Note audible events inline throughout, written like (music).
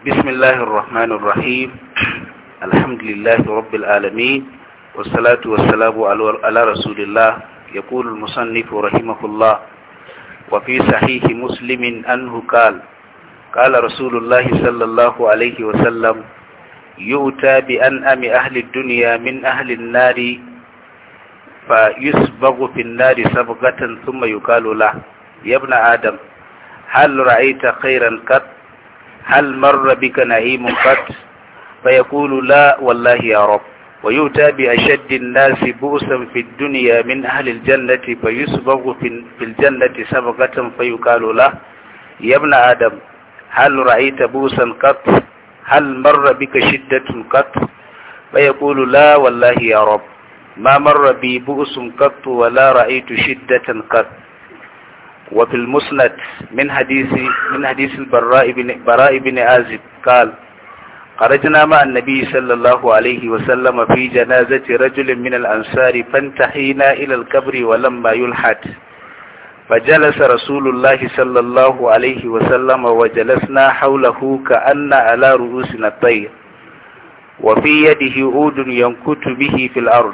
بسم الله الرحمن الرحيم الحمد لله رب العالمين والصلاة والسلام على رسول الله يقول المصنف رحمه الله وفي صحيح مسلم أنه قال قال رسول الله صلى الله عليه وسلم يؤتى بأنأم أهل الدنيا من أهل النار فيسبغ في النار سبغة ثم يقال له يا ابن آدم هل رأيت خيرا قط هل مر بك نعيم قط فيقول لا والله يا رب ويؤتى بأشد الناس بؤسا في الدنيا من أهل الجنة فيسبغ في الجنة سبقة فيقال له يا ابن آدم هل رأيت بؤسا قط هل مر بك شدة قط فيقول لا والله يا رب ما مر بي بؤس قط ولا رأيت شدة قط وفي المسند من حديث من حديث البراء بن براء بن عازب قال خرجنا مع النبي صلى الله عليه وسلم في جنازة رجل من الأنصار فانتحينا إلى القبر ولما يلحد فجلس رسول الله صلى الله عليه وسلم وجلسنا حوله كأن على رؤوسنا الطير وفي يده عود ينكت به في الأرض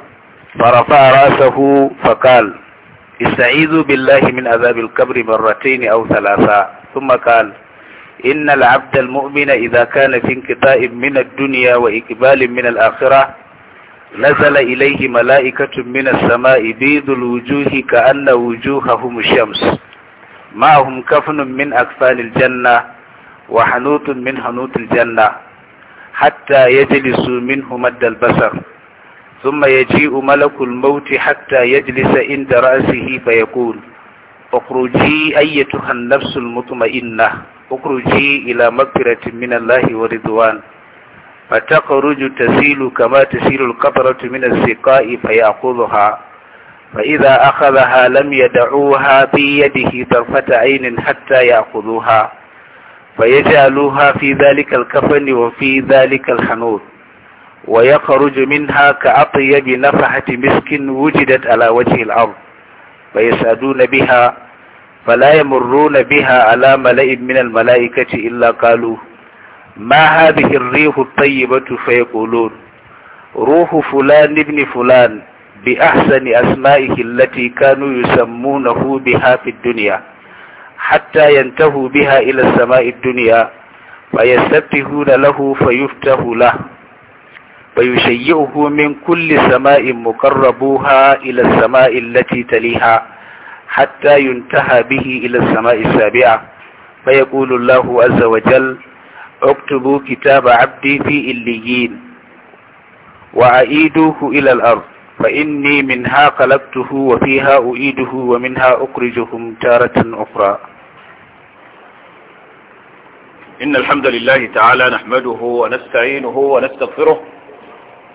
فرفع رأسه فقال استعيذوا بالله من عذاب القبر مرتين أو ثلاثة ثم قال إن العبد المؤمن إذا كان في انقطاع من الدنيا وإقبال من الآخرة نزل إليه ملائكة من السماء بيض الوجوه كأن وجوههم الشمس معهم كفن من أكفان الجنة وحنوت من حنوت الجنة حتى يجلسوا منه مد البصر ثم يجيء ملك الموت حتى يجلس عند رأسه فيقول اخرجي أيتها النفس المطمئنة اخرجي إلى مغفرة من الله ورضوان فتخرج تسيل كما تسيل القطرة من السقاء فيأخذها فإذا أخذها لم يدعوها في يده طرفة عين حتى يأخذوها فيجعلوها في ذلك الكفن وفي ذلك الحنوط ويخرج منها كأطيب نفحة مسك وجدت على وجه الأرض فيسعدون بها فلا يمرون بها على ملئ من الملائكة إلا قالوا ما هذه الريح الطيبة فيقولون روح فلان ابن فلان بأحسن أسمائه التي كانوا يسمونه بها في الدنيا حتى ينتهوا بها إلى السماء الدنيا فيستفتحون له فيفتح له ويشيعه من كل سماء مقربوها إلى السماء التي تليها حتى ينتهى به إلى السماء السابعة فيقول الله عز وجل اكتبوا كتاب عبدي في إليين وأعيدوه إلى الأرض فإني منها قلبته وفيها أعيده ومنها أخرجهم تارة أخرى إن الحمد لله تعالى نحمده ونستعينه ونستغفره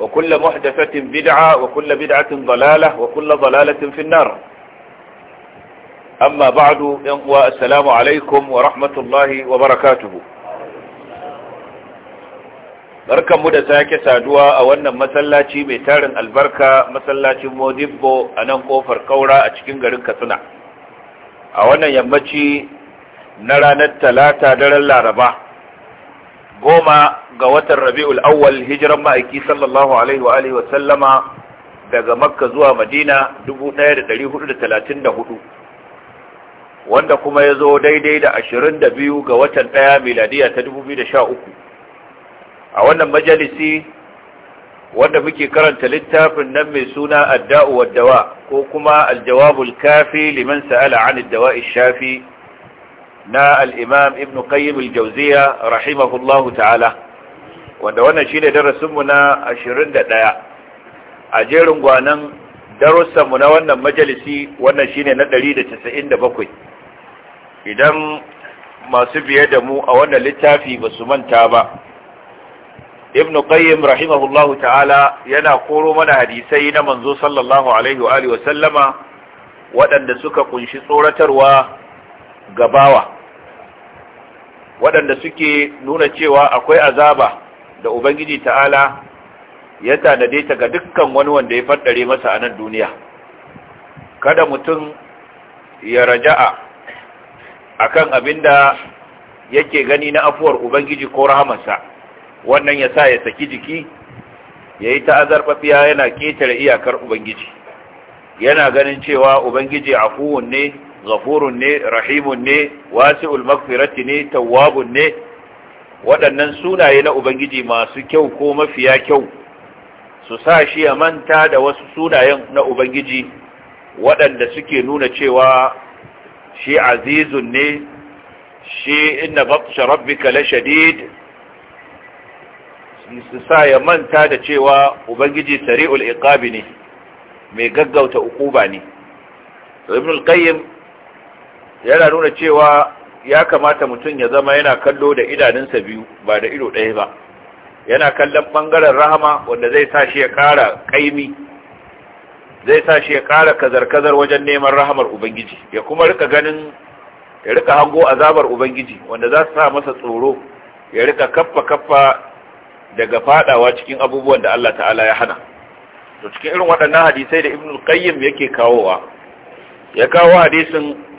وكل محدثة بدعة وكل بدعة ضلالة وكل ضلالة في النار أما بعد والسلام عليكم ورحمة الله وبركاته barkanmu da sake saduwa a wannan masallaci mai tarin albarka masallacin modibbo a nan kofar ƙaura a cikin garin katsina a wannan yammaci na ranar talata daran laraba goma ga watan rabi'ul awwal hijiran ma'aiki sallallahu alaihi wa alihi wa sallama daga makka zuwa madina 1434 wanda kuma ya zo daidai da 22 ga watan 1 miladiya ta 2013 a wannan majalisi wanda muke karanta littafin nan mai suna adda'u waddawa ko kuma aljawabul kafi liman sa'ala 'an dawai shafi na al-imam ibn qayyim al-jawziya rahimahullahu ta'ala wanda wannan shi shine darasinmu na 21 a jerin gwanan darussanmu na wannan majalisi wannan shi ne na 197 idan masu biye da mu a wannan littafi ba su manta ba ibn qayyim rahimahullahu ta'ala yana koro mana hadisai na manzo sallallahu alaihi wa alihi wa sallama waɗanda suka kunshi tsoratarwa gabawa waɗanda suke nuna cewa akwai azaba da ubangiji ta'ala ya tanade ta ga dukkan wani wanda ya faddare masa a nan duniya kada mutum ya raja'a a kan abin da yake gani na afuwar ubangiji ko rahamarsa wannan ya sa ya saki jiki ya yi ta azarfafiya yana ketare iyakar ubangiji yana ganin cewa ubangiji afuwun ne zafurun ne rahimun ne wasi'ul magfirati ne tawwabun ne waɗannan sunaye na ubangiji masu kyau ko mafiya kyau su sa shi ya manta da wasu sunayen na ubangiji waɗanda suke nuna cewa shi azizun ne shi inna babta rabbika la shadid su sa ya manta da cewa ubangiji sari'ul iqabi ne mai gaggauta ukuba ne ibn qayyim yana nuna cewa ya kamata mutum ya zama yana kallo da idanunsa biyu ba da ido ɗaya ba yana kallon ɓangaren rahama wanda zai sa shi ya ƙara ƙaimi zai sa shi ya ƙara kazar-kazar wajen neman rahamar ubangiji ya kuma rika ganin ya rika hango azabar ubangiji wanda za su sa masa tsoro ya rika kaffa-kaffa daga fadawa cikin abubuwan da Allah ta'ala ya hana to cikin irin waɗannan hadisai da ibnul qayyim yake kawowa ya kawo hadisin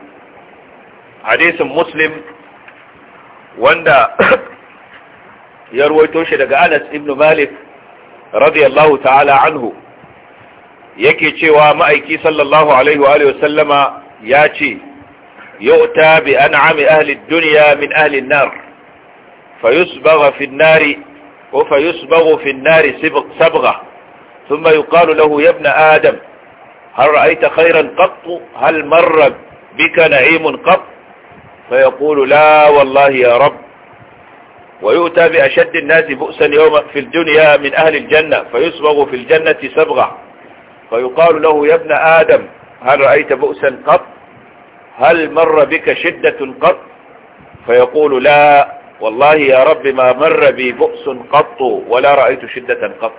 hadisin muslim wanda ya ruwaito shi daga anas ibn malik radiyallahu ta'ala anhu yake cewa ma'aiki sallallahu alaihi wa sallama ya ce yu'ta bi an'ami ahli dunya min ahli an-nar fayusbagha fi an-nari wa fayusbaghu fi an-nari sabgha thumma yuqalu lahu ya ibn adam هل رأيت خيرا قط هل مر بك نعيم قط فيقول لا والله يا رب ويؤتى بأشد الناس بؤسا يوم في الدنيا من أهل الجنة فيصبغ في الجنة صبغة فيقال له يا ابن آدم هل رأيت بؤسا قط هل مر بك شدة قط فيقول لا والله يا رب ما مر بي بؤس قط ولا رأيت شدة قط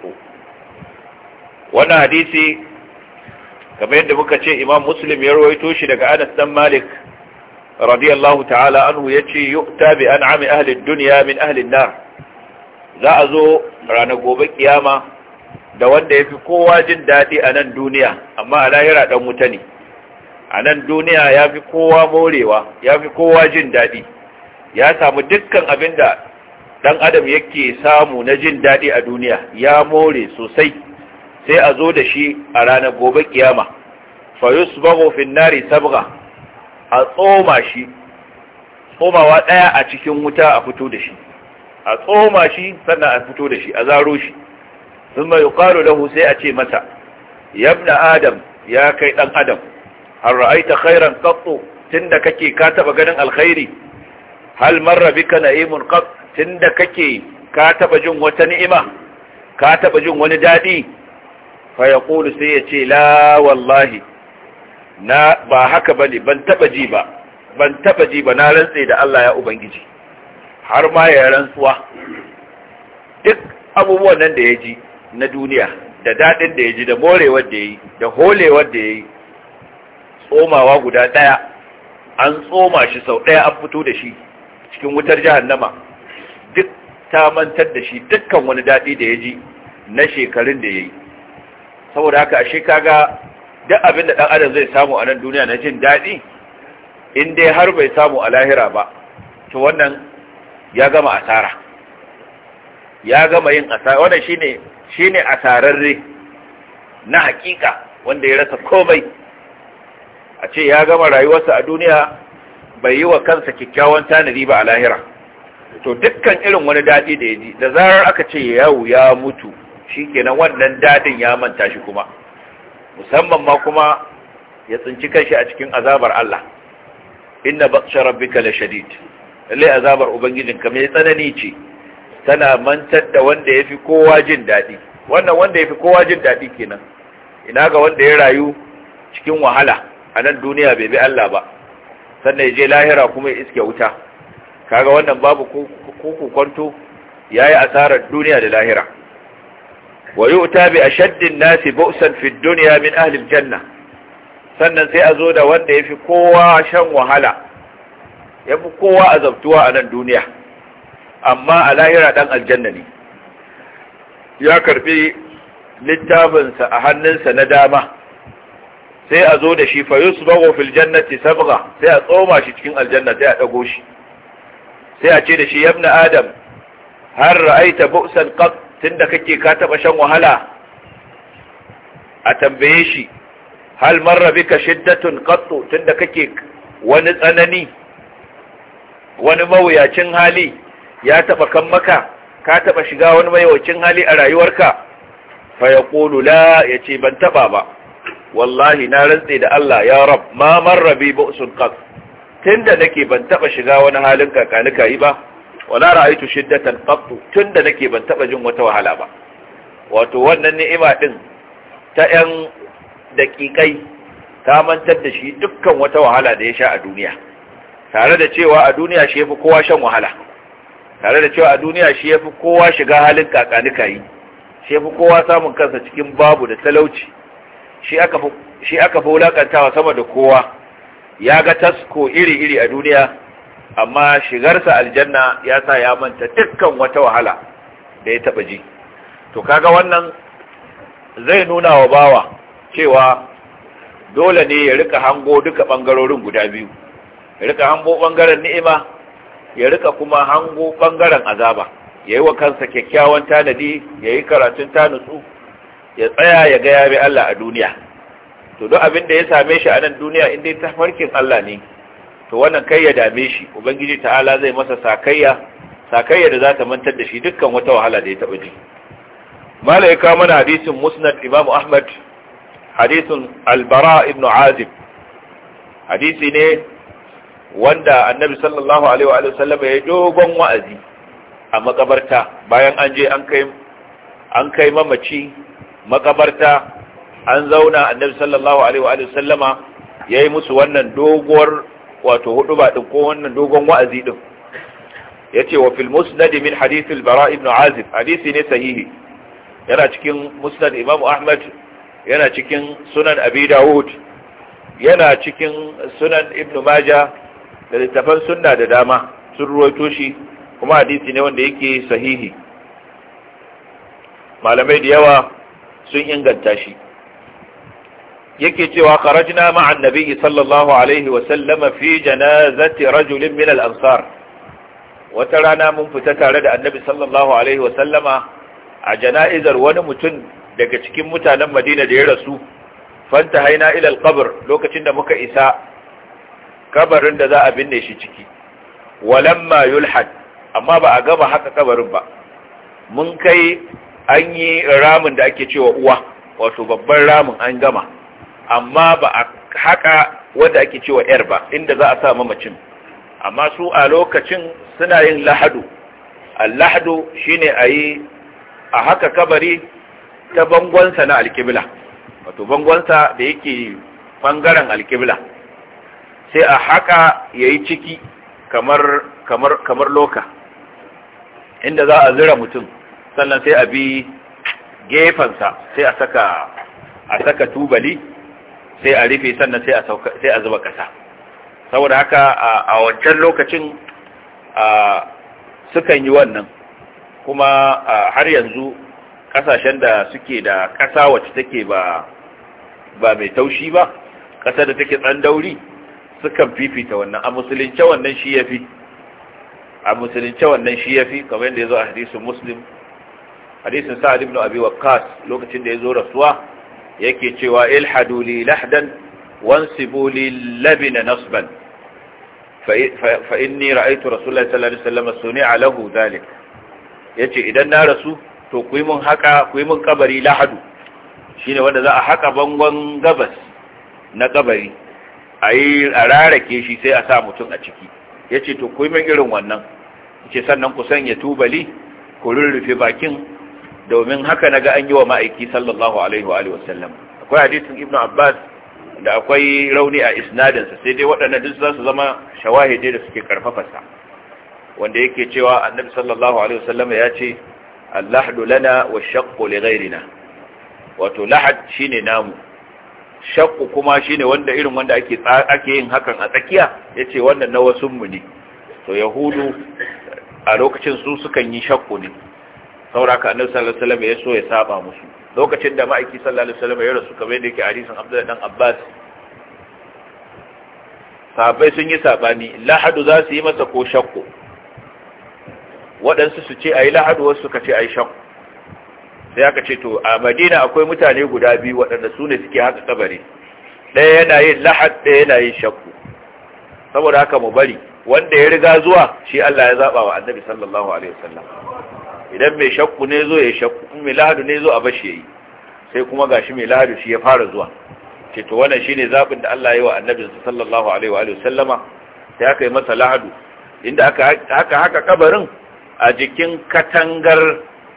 وانا حديثي كما يندبك شيء إمام مسلم يروي توشي لك أنس مالك radiyallahu ta'ala anhu yace yu'ta bi an'ami ahli ad min ahli na. nar za a zo ranar gobe kiyama da wanda yafi kowa jin daɗi a nan duniya amma a lahira dan wuta ne a nan duniya fi kowa morewa yafi kowa jin daɗi. ya samu dukkan abin da dan adam yake samu na jin daɗi a duniya ya more sosai sai a zo da shi a ranar gobe kiyama fa yusbaghu fi nari a tsoma shi tsomawa ɗaya a cikin wuta a fito da shi a tsoma shi sannan a fito da shi a zaro shi sun mai da lahu sai a ce masa yabna adam ya kai ɗan adam har ra'aita khairan qattu tunda kake ka taɓa ganin alkhairi hal marra na'imun qatt tunda kake ka taɓa jin wata ni'ima ka taɓa jin wani daɗi? fa yaqulu sai ya ce la wallahi na ba haka bane ban taba ji ba ban taba ji ba na rantse da Allah ya ubangiji har ma ya rantsuwa duk abubuwan nan da ya ji na duniya da daɗin da ya ji da morewar da ya yi da holewar da ya yi tsomawa guda ɗaya, an tsoma shi sau ɗaya an fito da shi cikin wutar jahannama duk ta mantar da shi dukkan wani daɗi da ya ji na shekarun da ya yi saboda haka ashe kaga duk abin da dan adam zai samu a nan duniya na jin daɗi in dai har bai samu a lahira ba to wannan ya gama asara ya gama yin asara wannan shine shine asararre na hakika wanda ya rasa komai a ce ya gama rayuwarsa a duniya bai yi wa kansa kyakkyawan tanadi ba a lahira to dukkan irin wani daɗi da ya ji da zarar aka ce yawo ya mutu Shi kenan wannan daɗin ya manta shi kuma musamman ma kuma ya tsinci kanshi a cikin azabar Allah inna batsha rabbika shadid lalle azabar ubangijin mai tsanani ce tana mantar da wanda yafi kowa jin dadi wannan wanda yafi kowa jin dadi kenan ina ga wanda ya rayu cikin wahala a nan duniya bai bi Allah ba sannan ya je lahira kuma ya iske wuta kaga wannan babu ko kwanto yayi asarar duniya da lahira wa yu'ta bi ashaddin nasi bu'san fi dunya min janna? sannan sai a zo da wanda yafi kowa shan wahala fi kowa azabtuwa a nan duniya amma a lahira dan aljanna ne ya karɓi littafinsa a hannunsa na dama sai a zo da shi fa yusbagu fil jannati sabgha sai a tsoma shi cikin aljanna sai a dago shi sai a ce da shi yabna adam har ra'aita bu'san qat tunda kake ka taɓa shan wahala a tambaye shi hal marra bika shiddatun qattu tunda kake wani tsanani wani mawuyacin hali ya taɓa kan maka ka taɓa shiga wani mawuyacin hali a rayuwarka fa yaqulu la ce ban taɓa ba wallahi na rantse da Allah ya rab ma ba bi bu'sun qat tunda nake ban taɓa shiga wani halin kakanika yi ba wala ra'aytu shiddatan tun tunda nake ban taba jin wata wahala ba wato wannan ni'ima din ta yan daƙiƙai ta mantar da shi dukkan wata wahala da ya sha a duniya tare da cewa a duniya shi yafi kowa shan wahala tare da cewa a duniya shi yafi kowa shiga halin kakanika yi shi yafi kowa samun kansa cikin babu da talauci shi aka shi aka fi wulakantawa sama da kowa ya ga tasko iri-iri a duniya amma shigarsa aljanna ya sa ya manta dukkan wata wahala da ya taba ji to kaga wannan zai nuna wa bawa cewa dole ne ya rika hango duka bangarorin guda biyu ya rika hango bangaren ni'ima ya rika kuma hango bangaren azaba ya yi wa kansa kyakkyawan tanadi ya yi karatun nutsu, ya tsaya ya gaya bi Allah a duniya to duk abin da ya same shi a nan duniya inda ta farkin Allah ne to wannan kai ya dame shi ubangiji ta'ala zai masa sakayya sakayya da za ta mantar da shi dukkan wata wahala da ya taba ji mala ya kawo mana hadisin musnad imamu ahmad hadisin albara ibn azib hadisi ne wanda annabi sallallahu alaihi wa sallama ya dogon wa'azi a makabarta bayan an je an kai mamaci makabarta an zauna annabi sallallahu alaihi wa sallama yi musu wannan doguwar wato hudu ba ɗin ko wannan dogon wa'azi din yace wa fil musnadi min hadith bara ibn azib hadisi ne sahihi yana cikin musnad imam ahmad yana cikin sunan abi dawud yana cikin sunan ibn maja da littafan sunna da dama sun ruwaito shi kuma hadisi ne wanda yake sahihi malamai da yawa sun inganta shi yake cewa kharajna ma'an nabi sallallahu alaihi wa sallama fi janazati rajulin min al-ansar wata rana mun fita tare da annabi sallallahu alaihi wa sallama a jana'izar wani mutum daga cikin mutanen Madina da ya rasu fanta haina ila al-qabr lokacin da muka isa kabarin da za a binne shi ciki walamma yulhad amma ba a gaba haka kabarin ba mun kai an yi ramin da ake cewa uwa wato babban ramin an gama amma ba a haka wanda ake cewa yar ba inda za a sa mamacin amma su a lokacin suna yin lahadu al-lahadu shine ayi a haka kabari ta bangonsa na alkibla wato bangonsa da yake bangaren alkibla sai a haka ya yi ciki kamar kamar kamar loka inda za a zira mutum sannan sai a bi sa sai a saka a saka tubali sai a rufe sannan sai a sauka sai a zuba kasa saboda haka a wancan lokacin sukan yi wannan kuma har yanzu kasashen da suke da kasa wacce take ba ba mai taushi ba kasa da take tsandauri sukan fifita wannan a musulunce wannan shi yafi a musulunce wannan shi yafi kamar yadda ya zo a hadisin muslim hadisin sa'ad ibn abi waqqas lokacin da ya zo rasuwa yake cewa ilhadu li lahdan wansibu li labina nasban fa inni ra'aytu rasulullahi sallallahu alaihi wasallam suni'a lahu dhalik yace idan na rasu to ku yi mun haka ku yi mun kabari lahadu shine wanda za a haka bangon gabas na kabari ayi a rarake shi sai a sa mutum a ciki yace to ku yi mun irin wannan yace sannan ku sanya tubali ku rurrufe bakin domin haka naga an yi wa ma'aiki sallallahu alaihi wa alihi wasallam akwai hadisin ibnu abbas da akwai rauni a isnadin sa sai dai waɗannan duk za su zama shawahidi da suke karfafa sa wanda yake cewa annabi sallallahu alaihi wasallam ya ce al-lahdu lana wa shaqqu li ghayrina wato lahad shine namu shaqqu kuma shine wanda irin wanda ake ake yin hakan a tsakiya yace wannan na wasu mu ne to yahudu a lokacin su sukan yi shakku ne sauraka annabi sallallahu alaihi wasallam ya so ya saba musu lokacin da ma'aiki sallallahu alaihi wasallam ya rasu kamar yadda yake hadisin Abdullah dan Abbas sabai sun yi sabani lahadu za su yi masa ko shakku waɗansu su ce yi lahadu wasu suka ce yi shakku sai aka ce to a Madina akwai mutane guda biyu waɗanda su ne suke haka kabari ɗaya yana yin lahad ɗaya yana yin shakku saboda haka mu bari wanda ya riga zuwa shi Allah ya zaba wa annabi sallallahu alaihi wasallam idan mai shakku ne zo ya shakku mai lahadu ne zo a bashi yayi sai kuma gashi mai lahadu shi ya fara zuwa ce to wannan shine zabin da Allah ya yi wa su sallallahu alaihi wa alihi sallama sai aka yi masa lahadu inda aka haka haka kabarin a jikin katangar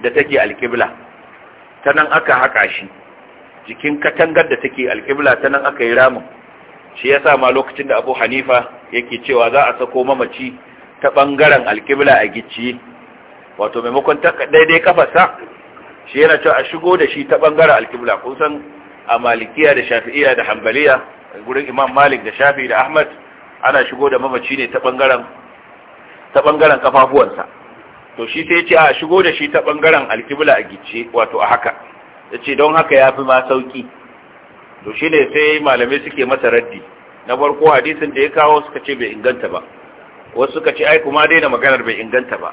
da take alƙibla ta nan aka haka shi jikin katangar da take alƙibla ta nan aka yi ramin shi yasa ma lokacin da Abu Hanifa yake cewa za a sako mamaci ta bangaren alƙibla a gicciye wato maimakon daidai kafarsa shi yana cewa a shigo da shi ta bangaren alkibla kun san a malikiya da shafi'iya da hambaliya gurin imam malik da shafi da ahmad ana shigo da mamaci ne ta bangaren ta bangaren kafafuwansa to shi sai ce a shigo da shi ta bangaren alkibla a gice wato a haka ce don haka ya fi ma sauki to shi ne sai malamai suke masa raddi na farko hadisin da ya kawo suka ce bai inganta ba wasu suka ce ai kuma daina maganar bai inganta ba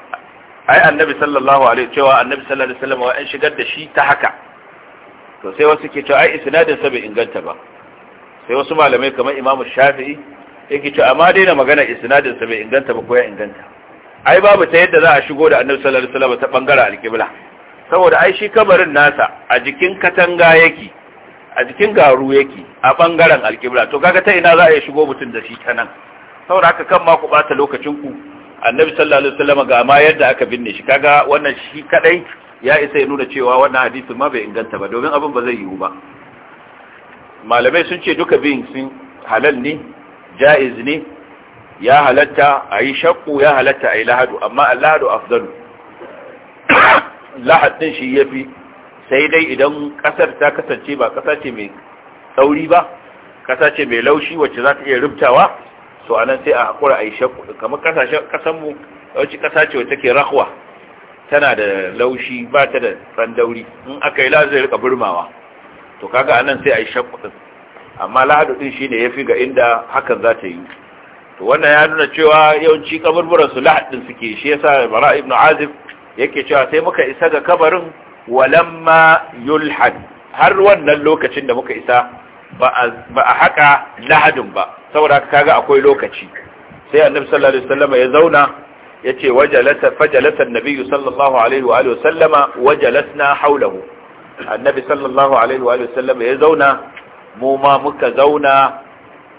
ai annabi sallallahu alaihi cewa annabi sallallahu alaihi wasallam an shigar da shi ta haka to sai wasu ke cewa ai isnadin sa bai inganta ba sai wasu malamai kamar Imam Shafi'i yake cewa amma dai na magana isnadin sa bai inganta ba ko ya inganta ai babu ta yadda za a shigo da annabi sallallahu alaihi wasallam ta bangaren alqibla saboda ai shi kabarin nasa a jikin katanga yake a jikin garu yake a bangaren alqibla to kaga ta ina za a shigo mutun da shi ta nan saboda haka kan ma ku bata lokacin ku annabi sallallahu alaihi wasallam ga ma yadda aka binne shi kaga wannan shi kadai ya isa ya nuna cewa wannan hadisin ma bai inganta ba domin abin ba zai yiwu ba malamai sun ce duka bin sun halal ne jaiz ne ya halatta a shakku ya halatta a yi lahadu amma lahadu afdalu lahadin shi yafi sai dai idan kasar ta kasance ba kasa ce mai tsauri ba kasa mai laushi wacce za ta iya rubtawa to anan sai a hakura a yi shakku kamar kasashen kasanmu yawanci kasa ce wacce ke rahwa tana da laushi ba ta da tsandauri in aka yi lazai rika burmawa to kaga anan sai a yi shakku din amma lahadu din shine yafi ga inda hakan za ta yi to wannan ya nuna cewa yawanci kaburburan su lahadin suke shi yasa bara ibn azib yake cewa sai muka isa ga kabarin walamma yulhad har wannan lokacin da muka isa ba a haka lahadin ba saboda kaga akwai lokaci sai annabi sallallahu alaihi wasallam ya zauna yace wajalasa fajalasa annabi sallallahu alaihi wa alihi wasallama wajalasna haulahu annabi sallallahu alaihi wa alihi wasallama ya zauna mu ma muka zauna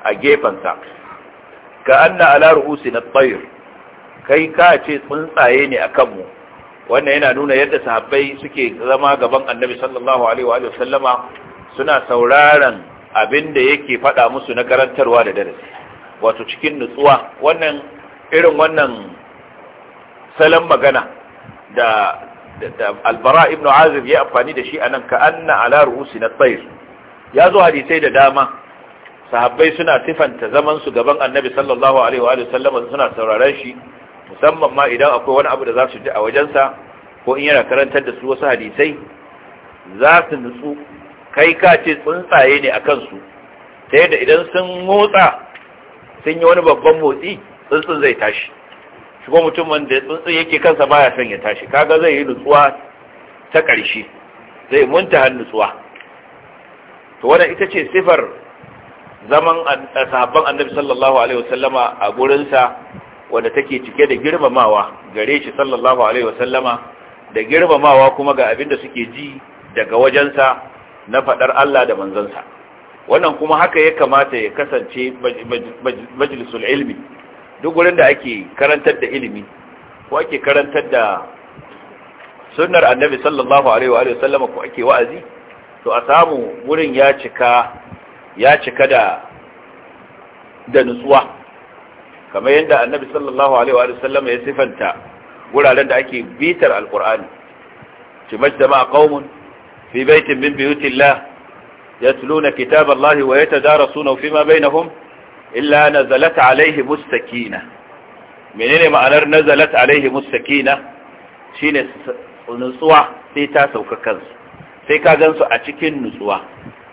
a gefen sa. ka anna ala ru'usina at-tayr kai ka ce tsuntsaye ne akan mu wannan yana nuna yadda sahabbai suke zama gaban annabi sallallahu alaihi wa sallama suna sauraron Abin da yake faɗa musu na karantarwa da darasi wato cikin nutsuwa wannan irin wannan salon magana da albara ibn azib ya amfani da shi anan ka anna ala ru'usi na tsayir ya zo hadisai da dama sahabbai suna sifanta zaman su gaban annabi sallallahu alaihi wa sallam suna sauraron shi musamman ma idan akwai wani abu da za su ji a wajensa ko in yana karantar da su wasu hadisai za su nutsu kai ka ce tsuntsaye ne a kansu ta da idan sun motsa sun yi wani babban motsi tsuntsun zai tashi shi ko mutum wanda tsuntsun yake kansa baya son ya tashi kaga zai yi nutsuwa ta ƙarshe zai munta nutsuwa to wannan ita ce sifar zaman sahabban annabi sallallahu alaihi wasallama a gurinsa wanda take cike da girmamawa gare shi sallallahu alaihi wasallama da girmamawa kuma ga abin da suke ji daga wajensa na faɗar Allah da manzansa wannan kuma haka ya kamata ya kasance majalisul ilmi duk wurin da ake karantar da ilimi ko ake karantar da sunnar annabi sallallahu alaihi wa sallama ko ake wa'azi to a samu wurin ya cika ya cika da da nutsuwa kamar yadda annabi sallallahu alaihi wa sallama ya sifanta wuraren da ake bitar alqur'ani ci majtama qaumun في بيت من بيوت الله يتلون كتاب الله ويتدارسونه فيما بينهم إلا نزلت عليهم السكينة ما أنر نزلت عليهم السكينة شين نسوع سيتا سوك كنس سيكا جنس أتكين نسوع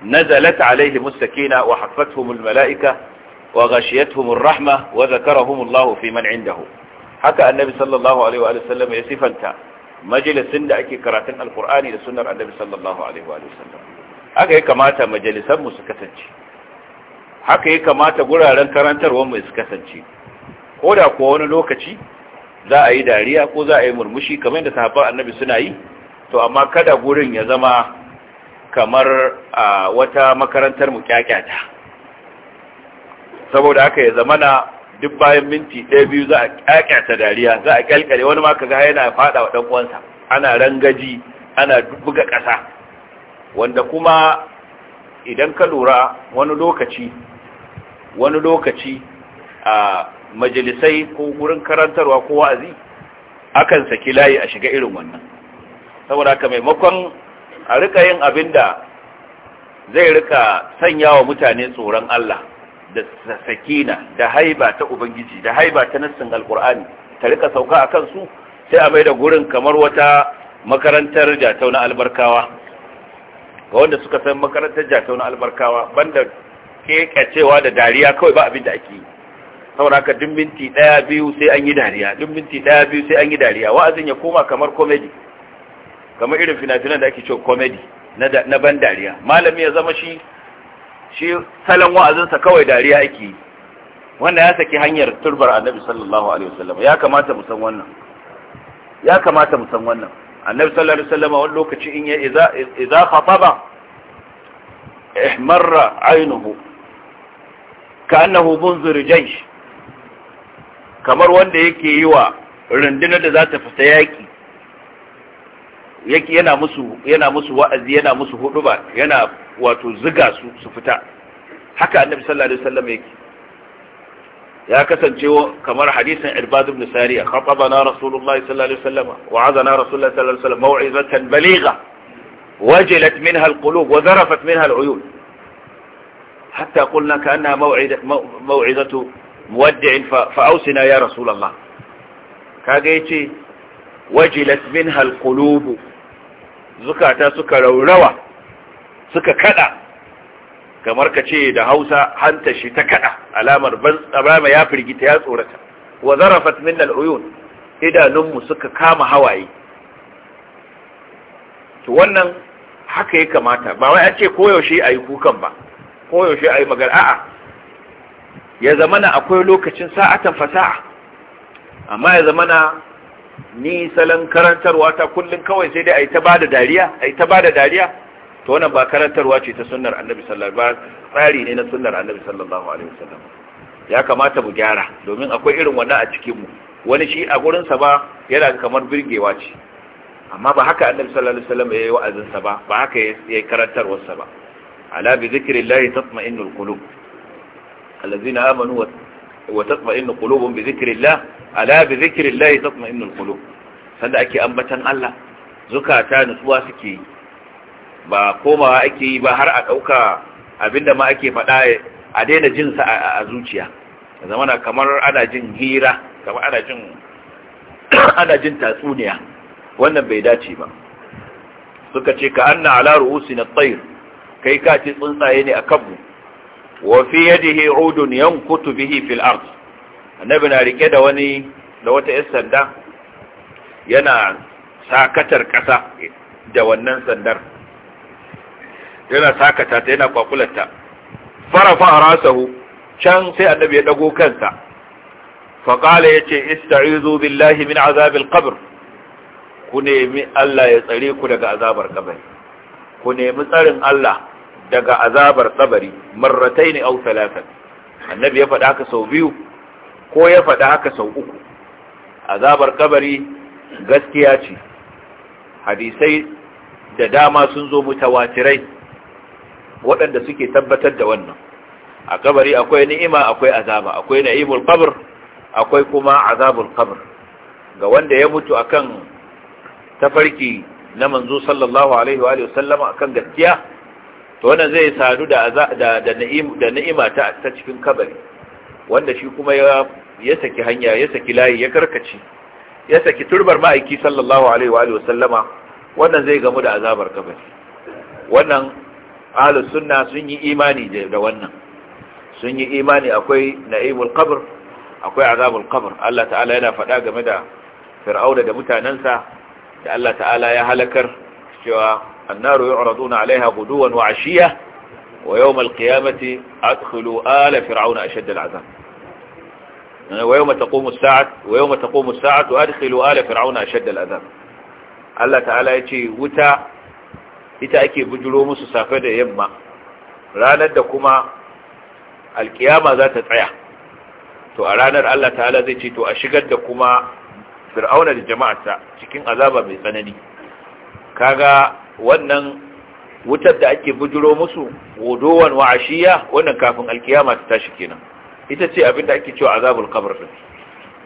نزلت عليهم السكينة وحفتهم الملائكة وغشيتهم الرحمة وذكرهم الله في من عنده حكى النبي صلى الله عليه وآله وسلم يسفنتا majalisin da ake karatun alkur'ani da sunar annabi sallallahu alaihi wa sallam haka ya kamata majalisan mu su kasance haka ya kamata guraren karantarwar mu su kasance ko da kuwa wani lokaci za a yi dariya ko za a yi murmushi kamar yadda sahabban annabi suna yi to amma kada gurin ya zama kamar a wata makarantar mu kyakyata saboda haka ya zamana duk bayan minti ɗaya biyu za a ƙyaƙyata dariya za a ƙyalƙyale wani ma ga yana faɗa wa ɗan uwansa ana rangaji ana buga ƙasa wanda kuma idan ka lura wani lokaci wani lokaci a majalisai ko wurin karantarwa ko wa'azi akan saki layi a shiga irin wannan saboda ka maimakon a rika yin abin da zai rika sanya wa mutane tsoron Allah da sakina da haiba ta ubangiji da haiba ta nassin alkur'ani ta rika sauka a kansu sai a mai da gurin kamar wata makarantar jatauna na albarkawa ga wanda suka san makarantar jatauna na albarkawa banda kekacewa da dariya kawai ba abin da ake yi sauraka duk minti daya biyu sai an yi dariya duk minti daya biyu sai an yi dariya wa'azin ya koma kamar komedi kamar irin fina-finan da ake cewa komedi na ban dariya malami ya zama shi shi salon wa'azinsa kawai dariya ake yi wanda ya saki hanyar turbar annabi sallallahu alaihi wasallam ya kamata mu san wannan ya kamata mu san wannan annabi sallallahu alaihi wasallam wani lokaci in ya iza idza khataba ihmarra eh, aynuhu annahu munzir jaysh kamar wanda yake yi wa rundunar da za ta fita yaki yake yana musu yana musu wa'azi yana musu huduba yana wato ziga su su fita haka annabi sallallahu alaihi wasallam yake ya kasance kamar hadisin irbad ibn sariya khatabana rasulullah sallallahu alaihi wasallam wa azana rasulullah sallallahu alaihi wasallam mau'izatan baligha wajilat minha alqulub wa zarafat minha aluyun hatta qulna ka'annaha maw'izatu muwaddi'in fa'ausina ya rasulullah kaga yace wajilat minha alqulub zukata suka raurawa suka kada kamar ka ce da hausa hanta shi ta kada alamar ban ya firgita ya tsorata wa zarafat min al'uyun idanunmu suka kama hawaye to wannan haka ya kamata ba wai an ce koyaushe a yi kukan ba koyaushe a yi magana a'a ya zamana akwai lokacin sa'atan fasaha amma ya zamana ni salon karantarwa ta kullum kawai sai dai a yi ta ba da dariya a yi ta ba da dariya to wannan ba karantarwa ce ta sunnar annabi sallallahu alaihi wasallam tsari ne na sunnar annabi sallallahu alaihi wasallam ya kamata mu gyara domin akwai irin wannan a cikin mu wani shi a gurin sa ba yana kamar birgewa ce amma ba haka annabi sallallahu alaihi wasallam yayi wa'azin sa ba ba haka yayi karantarwar sa ba ala bi zikrillahi tatma'innul qulub allazina amanu wa tatma'innu qulubuhum bi zikrillah ala bi zikrillah tatma'innul qulub sanda ake ambatan Allah zukata nutsuwa suke ba komawa ake yi ba har a ɗauka abinda ma ake faɗa a daina jinsa a zuciya zamana kamar ana jin hira kamar ana jin (clears throat) ana jin tatsuniya wannan bai dace ba suka ce ka anna ala ru'usina at-tayr kai ka ci tsuntsaye ne a kabu wa fi yadihi udun yankutu bihi fil ard annabi na rike da wani da wata yar sanda yana sakatar kasa da wannan sandar yana sakata ta yana kwakulanta farafa rasahu can sai annabi ya dago kansa fa ya yace ista'izu billahi min azabil qabr ku nemi Allah ya tsare ku daga azabar kabari ku nemi tsarin Allah daga azabar kabari marrataini au thalathan annabi ya faɗa haka sau biyu ko ya faɗa haka sau uku azabar kabari gaskiya ce hadisai da dama sun zo mutawatirai waɗanda suke tabbatar da wannan a kabari akwai ni'ima akwai azaba akwai na'imul qabr akwai kuma azabul qabr ga wanda ya mutu akan tafarki na manzo sallallahu alaihi wa sallama akan gaskiya to wannan zai sadu da da na'im da ni'ima ta ta cikin kabari wanda shi kuma ya ya saki hanya ya saki layi ya karkaci ya saki turbar ma'aiki sallallahu alaihi wa sallama wannan zai gamu da azabar kabari wannan ahlus sunna sun yi imani da wannan sun yi imani akwai na'imul qabr akwai azabul qabr Allah ta'ala yana faɗa game da fir'auna da mutanansa da Allah ta'ala ya halakar cewa annaru yu'raduna 'alayha ghuduwan wa 'ashiyya wa yawm al-qiyamati adkhulu ala fir'auna ashadd al-'azab wa yawma taqumu as-sa'ah wa yawma taqumu as-sa'ah adkhulu ala fir'auna ashadd al-'azab Allah ta'ala yace wuta ita ake bujuro musu safe da yamma ranar da kuma alkiyama za ta tsaya to a ranar Allah ta'ala zai ce to a shigar da kuma fir'auna da jama'arsa cikin azaba mai tsanani kaga wannan wutar da ake bujuro musu wudowan wa ashiya wannan kafin alkiyama ta tashi kenan ita ce abin da ake cewa azabul qabr din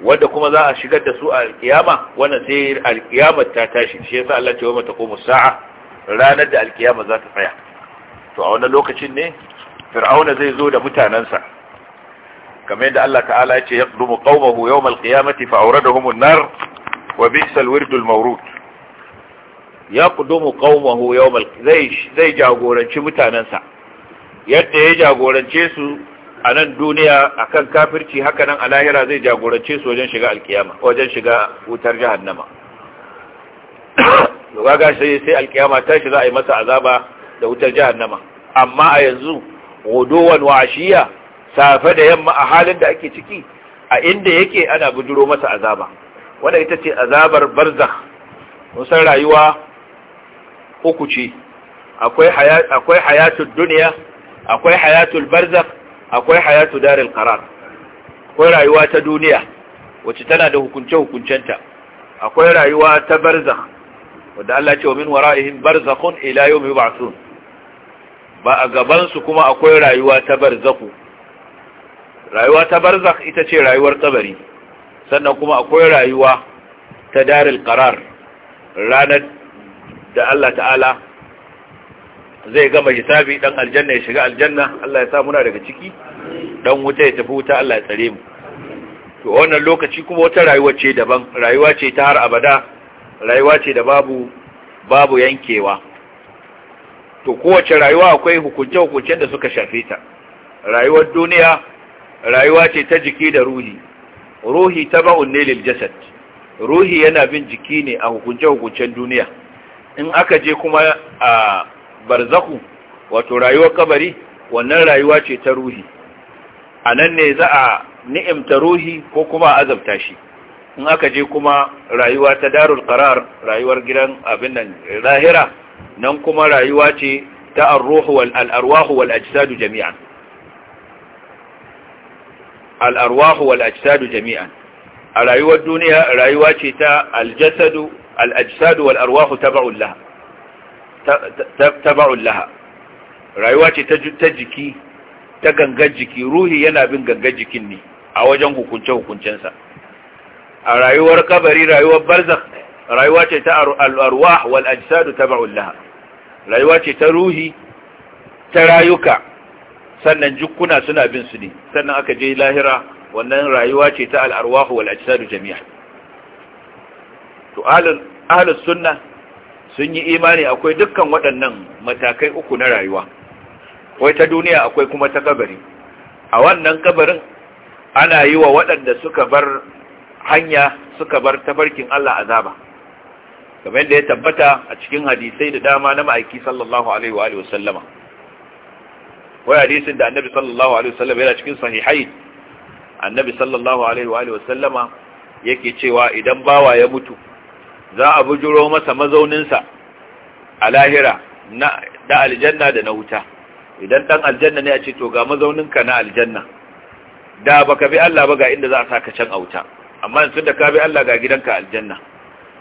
wanda kuma za a shigar da su a alkiyama wannan sai alkiyama ta tashi shi yasa Allah ya ce wa mata qumus sa'a ranar da alkiyama za ta tsaya to a wani lokacin ne fir'auna zai zo da mutanensa kamar yadda Allah ta'ala ya ce yaqdumu qaumahu yawm alqiyamati fa fa'awradahum an-nar wa bi'sa al-wirdul mawrud yaqdumu qaumahu yawm zai zai jagoranci mutanensa yadda ya jagorance su a nan duniya akan kafirci haka nan a lahira zai jagorance su wajen shiga alkiyama wajen shiga wutar jahannama to kaga sai sai alkiyama shi za a yi masa azaba da wutar jahannama amma a yanzu wuduwan wa safe da yamma a halin da ake ciki a inda yake ana guduro masa azaba wanda ita ce azabar barzakh musan rayuwa uku ce akwai hayat duniya dunya akwai hayatul barzakh akwai hayatul daril qarar akwai rayuwa ta duniya wacce tana da hukunce hukuncenta akwai rayuwa ta barzakh wanda Allah ce wa min wara'ihim barzakhun ila yawmi yub'athun ba a gaban su kuma akwai rayuwa ta barzaku rayuwa ta barzakh ita ce rayuwar kabari sannan kuma akwai rayuwa ta daril qarar ranar da Allah ta'ala zai gama hisabi dan aljanna ya shiga aljanna Allah ya sa muna daga ciki dan wuta ya tafi wuta Allah ya tsare mu to wannan lokaci kuma wata rayuwa ce daban rayuwa ce ta har abada rayuwa ce da babu babu yankewa to kowace rayuwa akwai hukunce-hukuncen da suka shafe ta rayuwar duniya rayuwa ce ta jiki da ruhi ruhi ta ne lil ruhi yana bin jiki ne a hukunce-hukuncen duniya in aka je kuma a barzaku wato rayuwar kabari wannan rayuwa ce ta ruhi a nan ne za a ni'imta ruhi ko kuma a azabta shi in aka je kuma rayuwa ta darul qarar rayuwar gidan abin nan lahira nan kuma rayuwa ce ta ar-ruhu wal arwah wal ajsad jami'an al-arwah wal ajsad jami'an a rayuwar duniya rayuwa ce ta al-jasad al-ajsad wal arwah tab'un laha tab'un laha rayuwa ce ta jiki ta gangar jiki ruhi yana bin gangar jikin ne a wajen hukunce hukuncensa a rayuwar kabari rayuwar Barzak rayuwa ce ta al'arwa arwah wal ajsad tab'un laha rayuwa ce ta ruhi ta rayuka sannan jukkuna suna bin su ne sannan aka je lahira wannan rayuwa ce ta al'arwa arwah wal jami'a to ahlus sunna sun yi imani akwai dukkan waɗannan matakai uku na rayuwa wai ta duniya akwai kuma ta kabari a wannan kabarin ana yi wa waɗanda suka bar hanya suka bar tabarkin Allah azaba kamar yadda ya tabbata a cikin hadisai da dama na ma'aiki sallallahu alaihi wa sallama wai hadisin da annabi sallallahu alaihi wa sallama yana cikin sahihai annabi sallallahu alaihi wa sallama yake cewa idan bawa ya mutu za a bujuro masa mazauninsa a lahira na da aljanna da na wuta idan dan aljanna ne a ce to ga mazauninka na aljanna da baka bi Allah ba ga inda za a saka can a wuta amma tun da ka bi Allah ga gidanka aljanna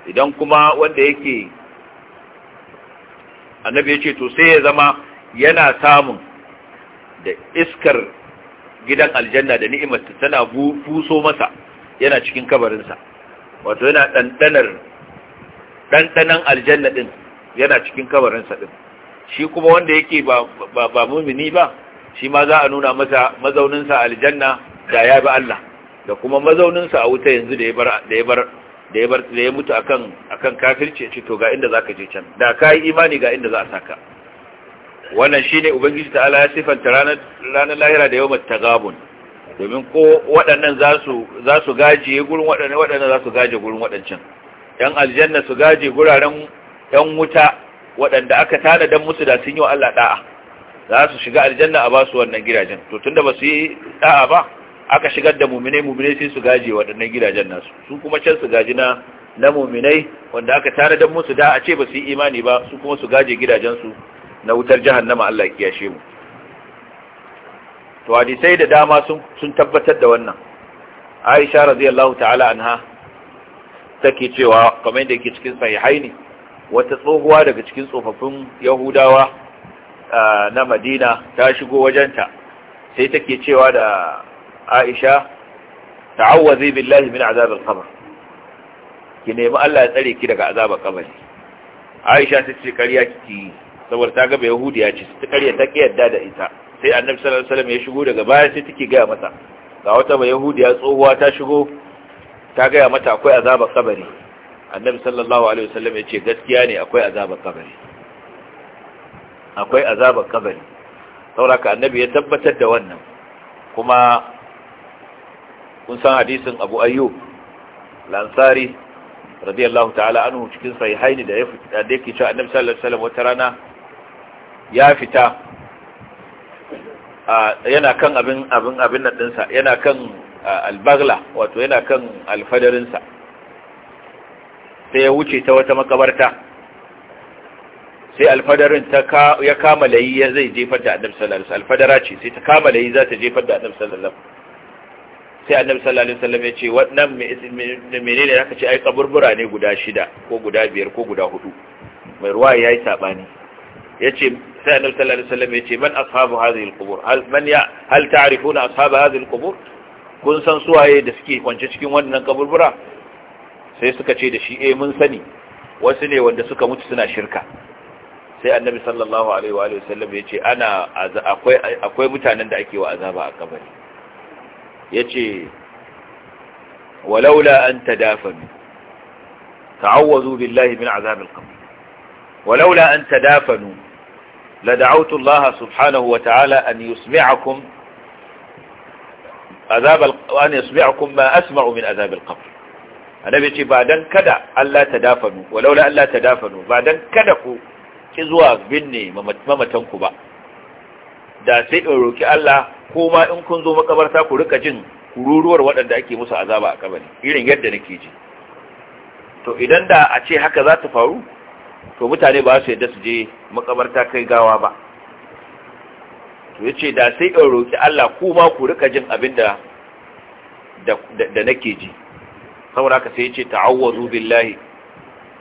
idan kuma wanda yake annabi ya ce to sai ya zama yana samun da iskar gidan aljanna da ni'imarta tana fuso masa yana cikin kabarinsa wato yana ɗanɗanar ɗanɗanan aljanna ɗin yana cikin kabarinsa ɗin shi kuma wanda yake ba mumini ba shi ma za a nuna masa mazauninsa aljanna da ya bi Allah da kuma mazauninsa a wuta yanzu da ya bar da ya bar da ya bar da ya mutu akan akan kafirci ce to ga inda zaka je can da kai imani ga inda za a saka wannan shine ubangiji ta Ala ya sifanta ranar lahira da yawmat tagabun domin ko waɗannan za su za su gaje gurin waɗannan za su gaje gurin waɗancan yan aljanna su gaje guraren yan wuta waɗanda aka tana dan musu da sun yi wa Allah da'a za su shiga aljanna a ba su wannan gidajen to tunda ba su yi da'a ba aka shigar da muminai muminai sai su gaje waɗannan gidajen nasu su kuma can su gaji na na muminai wanda aka tare da musu da a ce ba su yi imani ba su kuma su gaje gidajensu na wutar jahannama Allah ya kiyashe mu to hadisai da dama sun sun tabbatar da wannan Aisha radiyallahu ta'ala anha take cewa kamar yadda yake cikin sahihaini wata tsohuwa daga cikin tsofaffin Yahudawa ah, na Madina ta shigo wajenta sai take cewa da aisha ta'awwazi billahi min azabil qabr ki nemi Allah ya tsare ki daga azabar kabari aisha ta ce kariya kiki. saboda ta ga yahudiya ce ta kariya ta yadda da ita sai annabi sallallahu alaihi wasallam ya shigo daga baya sai take ga mata ga wata ba yahudiya tsohuwa ta shigo ta ga mata akwai azabar kabari annabi sallallahu alaihi wasallam ya ce gaskiya ne akwai azabar kabari akwai azabar kabari saboda annabi ya tabbatar da wannan kuma kun san hadisin abu ayyub lansari radiyallahu ta'ala anhu cikin sahihaini da ya fita da yake cewa annabi sallallahu alaihi wasallam wata rana ya fita yana kan abin abin abin nan dinsa yana kan albagla wato yana kan alfadarin sa sai ya wuce ta wata makabarta sai alfadarin ta ya kama layi zai jefar da annabi sallallahu alaihi wasallam alfadara ce sai ta kama layi za ta jefar da annabi sallallahu alaihi wasallam sai annabi sallallahu alaihi wasallam ya ce wannan menene zaka ce ai kaburbura ne guda shida ko guda biyar ko guda hudu mai ruwa yayi sabani yace sai annabi sallallahu alaihi wasallam yace man ashabu hadhihi alqubur hal man ya hal ta'rifuna ashab hadhihi alqubur kun san suwaye da suke kwance cikin wannan kaburbura sai suka ce da shi eh mun sani wasu ne wanda suka mutu suna shirka sai annabi sallallahu alaihi wa sallam yace ana akwai akwai mutanen da ake wa azaba a kabari yace walaula an tadafanu ta'awwazu billahi min azabil qabr walaula an tadafanu لدعوت الله سبحانه وتعالى أن يسمعكم عذاب أن يسمعكم ما أسمع من عذاب القبر annabi ce ba dan kada Allah ta dafanu walaula Allah ta dafanu ba dan kada ku ki zuwa binne mamatanku ba da sai in roki Allah ko ma in kun zo makabarta ku rika jin kururuwar waɗanda ake musu azaba a kabari irin yadda nake ji to idan da a ce haka za ta faru to mutane ba su yadda su je makabarta kai gawa ba to yace da sai in roki Allah ko ma ku rika jin abinda da da nake ji saboda haka sai yace ta'awwazu billahi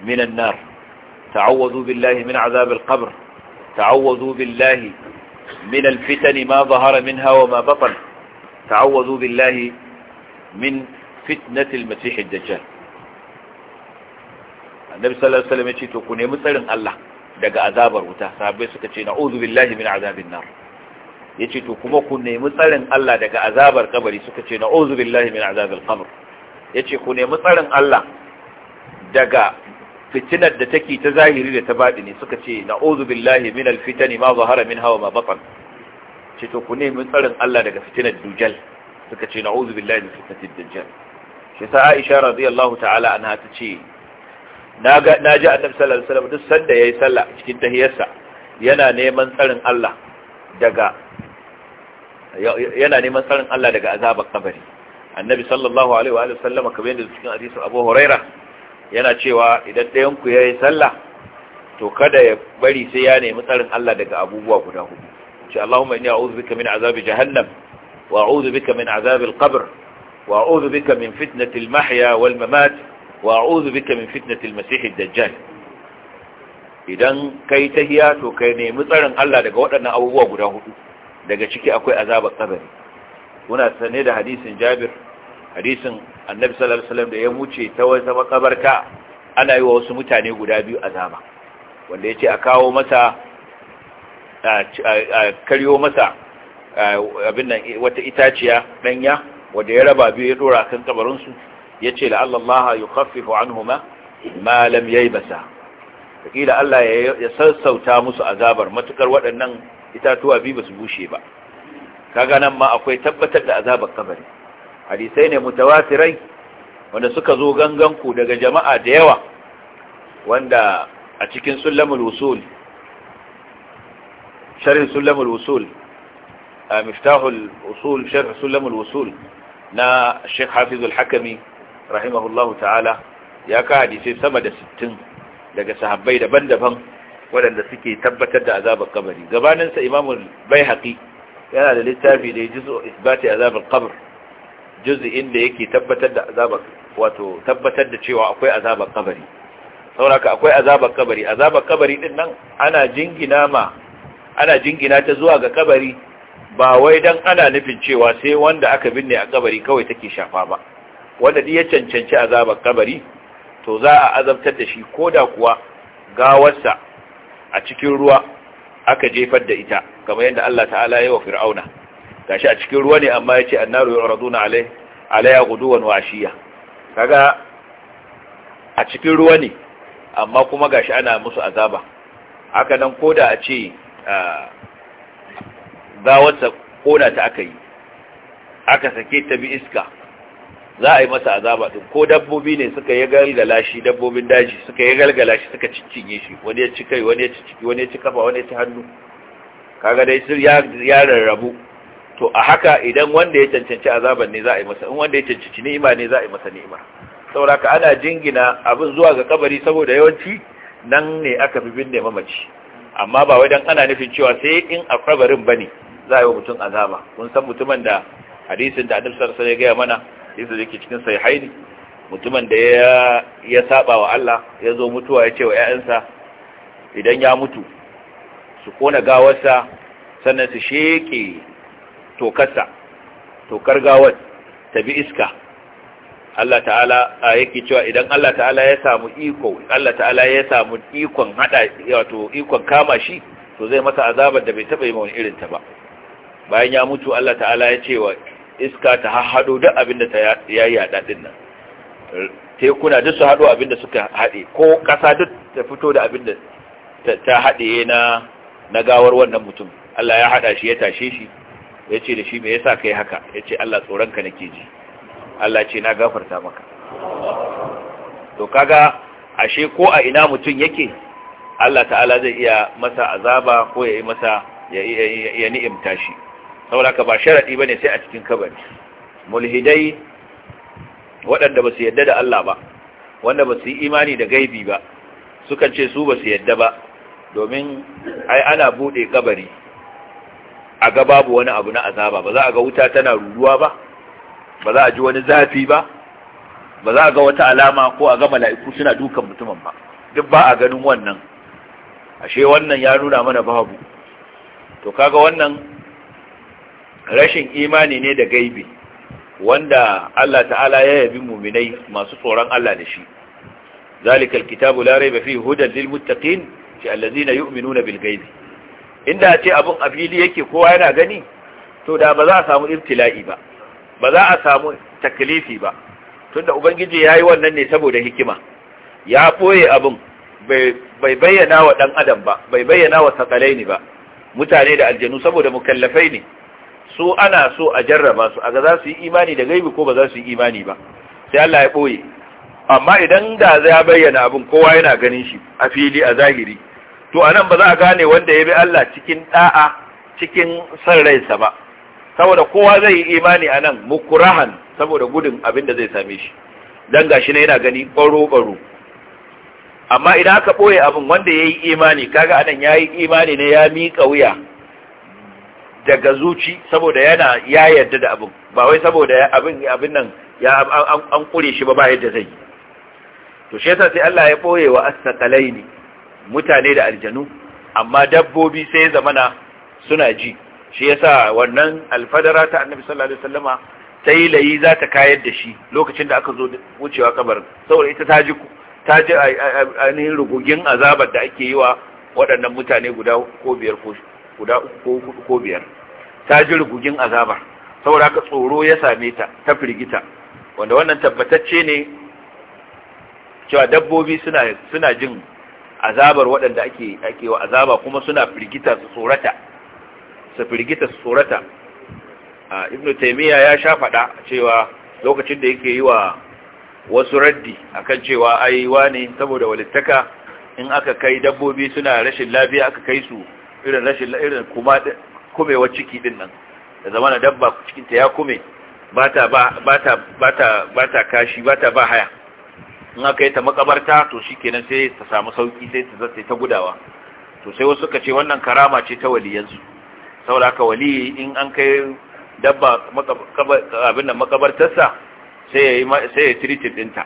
minan nar ta'awwazu billahi min azabil qabr ta'awwazu billahi من الفتن ما ظهر منها وما بطن تعوذوا بالله من فتنة المسيح الدجال النبي صلى الله عليه وسلم يقول تكون يمثل الله daga azabar wuta sahabbai suka ce na'udhu billahi min azabin nar yace to kuma ku nemi tsarin Allah daga azabar kabari suka ce na'udhu billahi min azabil qabr yace ku nemi tsarin Allah daga fitinar da take ta zahiri da ta baɗi ne suka ce na'udhu billahi min alfitani ma zahara min hawa ma batan ce to ku nemi tsarin Allah daga fitinar dujal suka ce na'udhu billahi min fitnatid dujal shi sa Aisha radiyallahu ta'ala anha ta ce na ga ji annabi sallallahu alaihi wasallam duk sanda yayi sallah cikin tahiyarsa yana neman tsarin Allah daga yana neman tsarin Allah daga azabar kabari annabi sallallahu alaihi wa sallama kamar yadda cikin hadisin Abu Hurairah yana cewa idan ɗayanku ya yi sallah to kada ya bari sai ya nemi tsarin Allah daga abubuwa guda hudu ce Allahumma inni a'udhu bika min azabi jahannam wa a'udhu bika min azabi al-qabr wa a'udhu bika min fitnati al-mahya wal mamat wa a'udhu bika min fitnati al-masih ad-dajjal idan kai tahiya to kai nemi tsarin Allah daga waɗannan abubuwa guda hudu daga ciki akwai azabar kabari kuna sane da hadisin Jabir hadisin annabi sallallahu alaihi da ya wuce ta wata makabarta ana yi wa wasu mutane guda biyu azaba wanda yace a kawo masa a karyo masa abin nan wata itaciya danya wanda ya raba biyu ya dora kan kabarin su yace la Allah yukhaffifu anhuma ma lam yaybasa kila Allah ya sassauta musu azabar matukar waɗannan itatuwa biyu basu bushe ba kaga nan ma akwai tabbatar da azabar kabari hadisai ne mutawatirai wanda suka zo ganganku daga jama'a da yawa wanda a cikin sulamul usul sharh sulamul usul miftahul usul usul na Sheikh Hafizul Hakami rahimahullahu ta'ala ya ka hadisai sama da 60 daga sahabbai daban-daban waɗanda suke tabbatar da azabar kabari gabaninsa bai Baihaqi yana da littafi da ya ji jizo isbati azabar kabari juz'in da yake tabbatar da azabar wato tabbatar da cewa akwai azabar kabari sauraka akwai azabar kabari azabar kabari din nan ana jingina ma ana jingina ta zuwa ga kabari ba wai dan ana nufin cewa sai wanda aka binne a kabari kawai take shafa ba wanda duk ya cancanci azabar kabari to za a azabtar da shi koda kuwa gawarsa a cikin ruwa aka jefar da ita kamar yadda Allah ta'ala ya yi wa fir'auna gashi a cikin ruwa ne amma yace annaru yuraduna alai alaya guduwan wa ashiya kaga a cikin ruwa ne amma kuma gashi ana musu azaba haka nan koda a ce gawarsa kona ta aka yi aka sake ta bi iska za a yi masa azaba din ko dabbobi ne suka yi galgala shi dabbobin daji suka yi galgala shi suka ciccinye shi wani ya ci kai wani ya ci ciki wani ya ci kafa wani ya ci hannu kaga dai sir ya rarrabu to a haka idan wanda ya cancanci azaban ne za a yi masa in wanda ya cancanci ni'ima ne za a yi masa ni'ima saboda ka ana jingina abin zuwa ga kabari saboda yawanci nan ne aka fi binne mamaci amma ba wai dan ana nufin cewa sai in a kabarin bane za a yi wa mutum azaba kun san mutumin da hadisin da annabi sallallahu alaihi wasallam ya gaya mana hadisin da yake cikin sahihaini mutumin da ya ya saba wa Allah ya zo mutuwa ya ce wa ƴaƴansa idan ya mutu su kona gawarsa sannan su sheke tokarsa tokar gawar ta bi iska Allah ta'ala a yake cewa idan Allah ta'ala ya samu iko Allah ta'ala ya samu ikon hada wato ikon kama shi to zai masa azabar da bai taba yi wani irin ta ba bayan ya mutu Allah ta'ala ya ce wa iska ta hahado duk abin da ta yayi hada din nan tekuna duk su hado abin da suka hade ko kasa duk ta fito da abin da ta hade na na gawar wannan mutum Allah ya hada shi ya tashe shi ya ce da shi me yasa kai haka ya ce Allah tsoronka nake ji Allah ce na gafarta maka to kaga ashe ko a ina mutum yake Allah ta'ala zai iya masa azaba ko ya yi masa ya ni'imta shi saboda ka ba sharadi bane sai a cikin kabari mulhidai waɗanda ba su yadda da Allah ba wanda ba su yi imani da gaibi ba sukan ce su ba su yadda ba domin ai ana buɗe kabari a ga babu wani abu na azaba ba za a ga wuta tana ruruwa ba ba za a ji wani zafi ba ba za a ga wata alama ko a ga mala'iku suna dukan mutumin ba duk ba a ganin wannan ashe wannan ya nuna mana babu to kaga wannan rashin imani ne da gaibi wanda Allah ta'ala ya yabi muminai masu tsoron Allah da shi zalikal kitabu la raiba fihi hudan lil muttaqin fi allazina yu'minuna bil gaibi inda ce abin a fili yake kowa yana gani to da ba za a samu ibtila'i ba ba za a samu taklifi ba tunda ubangiji ya yi wannan ne saboda hikima ya ɓoye abin bai bayyana wa ɗan adam ba bai bayyana wa sakalai ne ba mutane da aljanu saboda mukallafai ne su ana so a jarraba su aga za su yi imani da gaibi ko ba za su yi imani ba sai Allah ya ɓoye amma idan da ya bayyana abin kowa yana ganin shi a fili a zahiri to a nan ba za a gane wanda ya bi Allah cikin da'a cikin san sa ba saboda kowa zai yi imani a anan mukurahan saboda gudun abin da zai same shi dan gashi ne yana gani baro baro amma idan aka boye abin wanda ya yi imani kaga anan yayi imani ne ya miƙa wuya daga zuci saboda yana ya yarda da abin ba wai saboda abin abin nan ya an kure shi ba ba yadda zai to shi yasa sai Allah ya boye wa as-saqalaini mutane da aljanu amma dabbobi sai zamana suna ji shi yasa wannan alfadara ta annabi sallallahu alaihi wasallama sai layi za ta kayar da shi lokacin da aka zo wucewa kabarin saboda ita ta ji ta ji ainihin rugugin azabar da ake yi wa waɗannan mutane guda ko biyar ko guda ko ko biyar ta ji rugugin azabar saboda haka tsoro ya same ta ta firgita wanda wannan tabbatacce ne cewa dabbobi suna suna jin azabar waɗanda ake ake wa azaba kuma suna firgita su tsorata su firgita su tsorata ibn taymiya ya sha faɗa cewa lokacin da yake yi wa wasu raddi akan cewa ai ne. saboda walittaka in aka kai dabbobi suna rashin lafiya aka kai su irin rashin irin kuma kumewa ciki din nan da zamana dabba cikinta ya kume bata ba bata bata bata kashi ba ba haya in aka yi ta makabarta to shi kenan sai ta samu sauki sai ta zata ta gudawa to sai wasu suka ce wannan karama ce ta waliyansu saboda haka wali in an kai dabba abin da makabartarsa sai ya yi sai ya triti dinta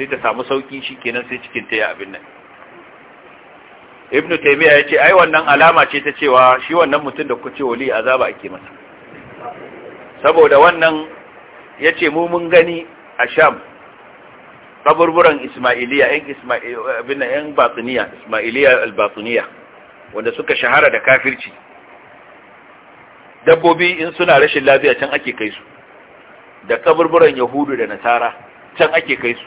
sai ta samu sauki shi kenan sai cikin ta ya abin nan ibnu taymiya yace ai wannan alama ce ta cewa shi wannan mutum da kuka ce wali azaba ake masa saboda wannan yace mu mun gani a sham kaburburan Ismailiya ‘yan Ismailiya ‘yan Batsuniya, Ismailiya wanda suka shahara da kafirci. Dabbobi in suna rashin lafiya can ake kai su, da kaburburan Yahudu da Nasara can ake kai su,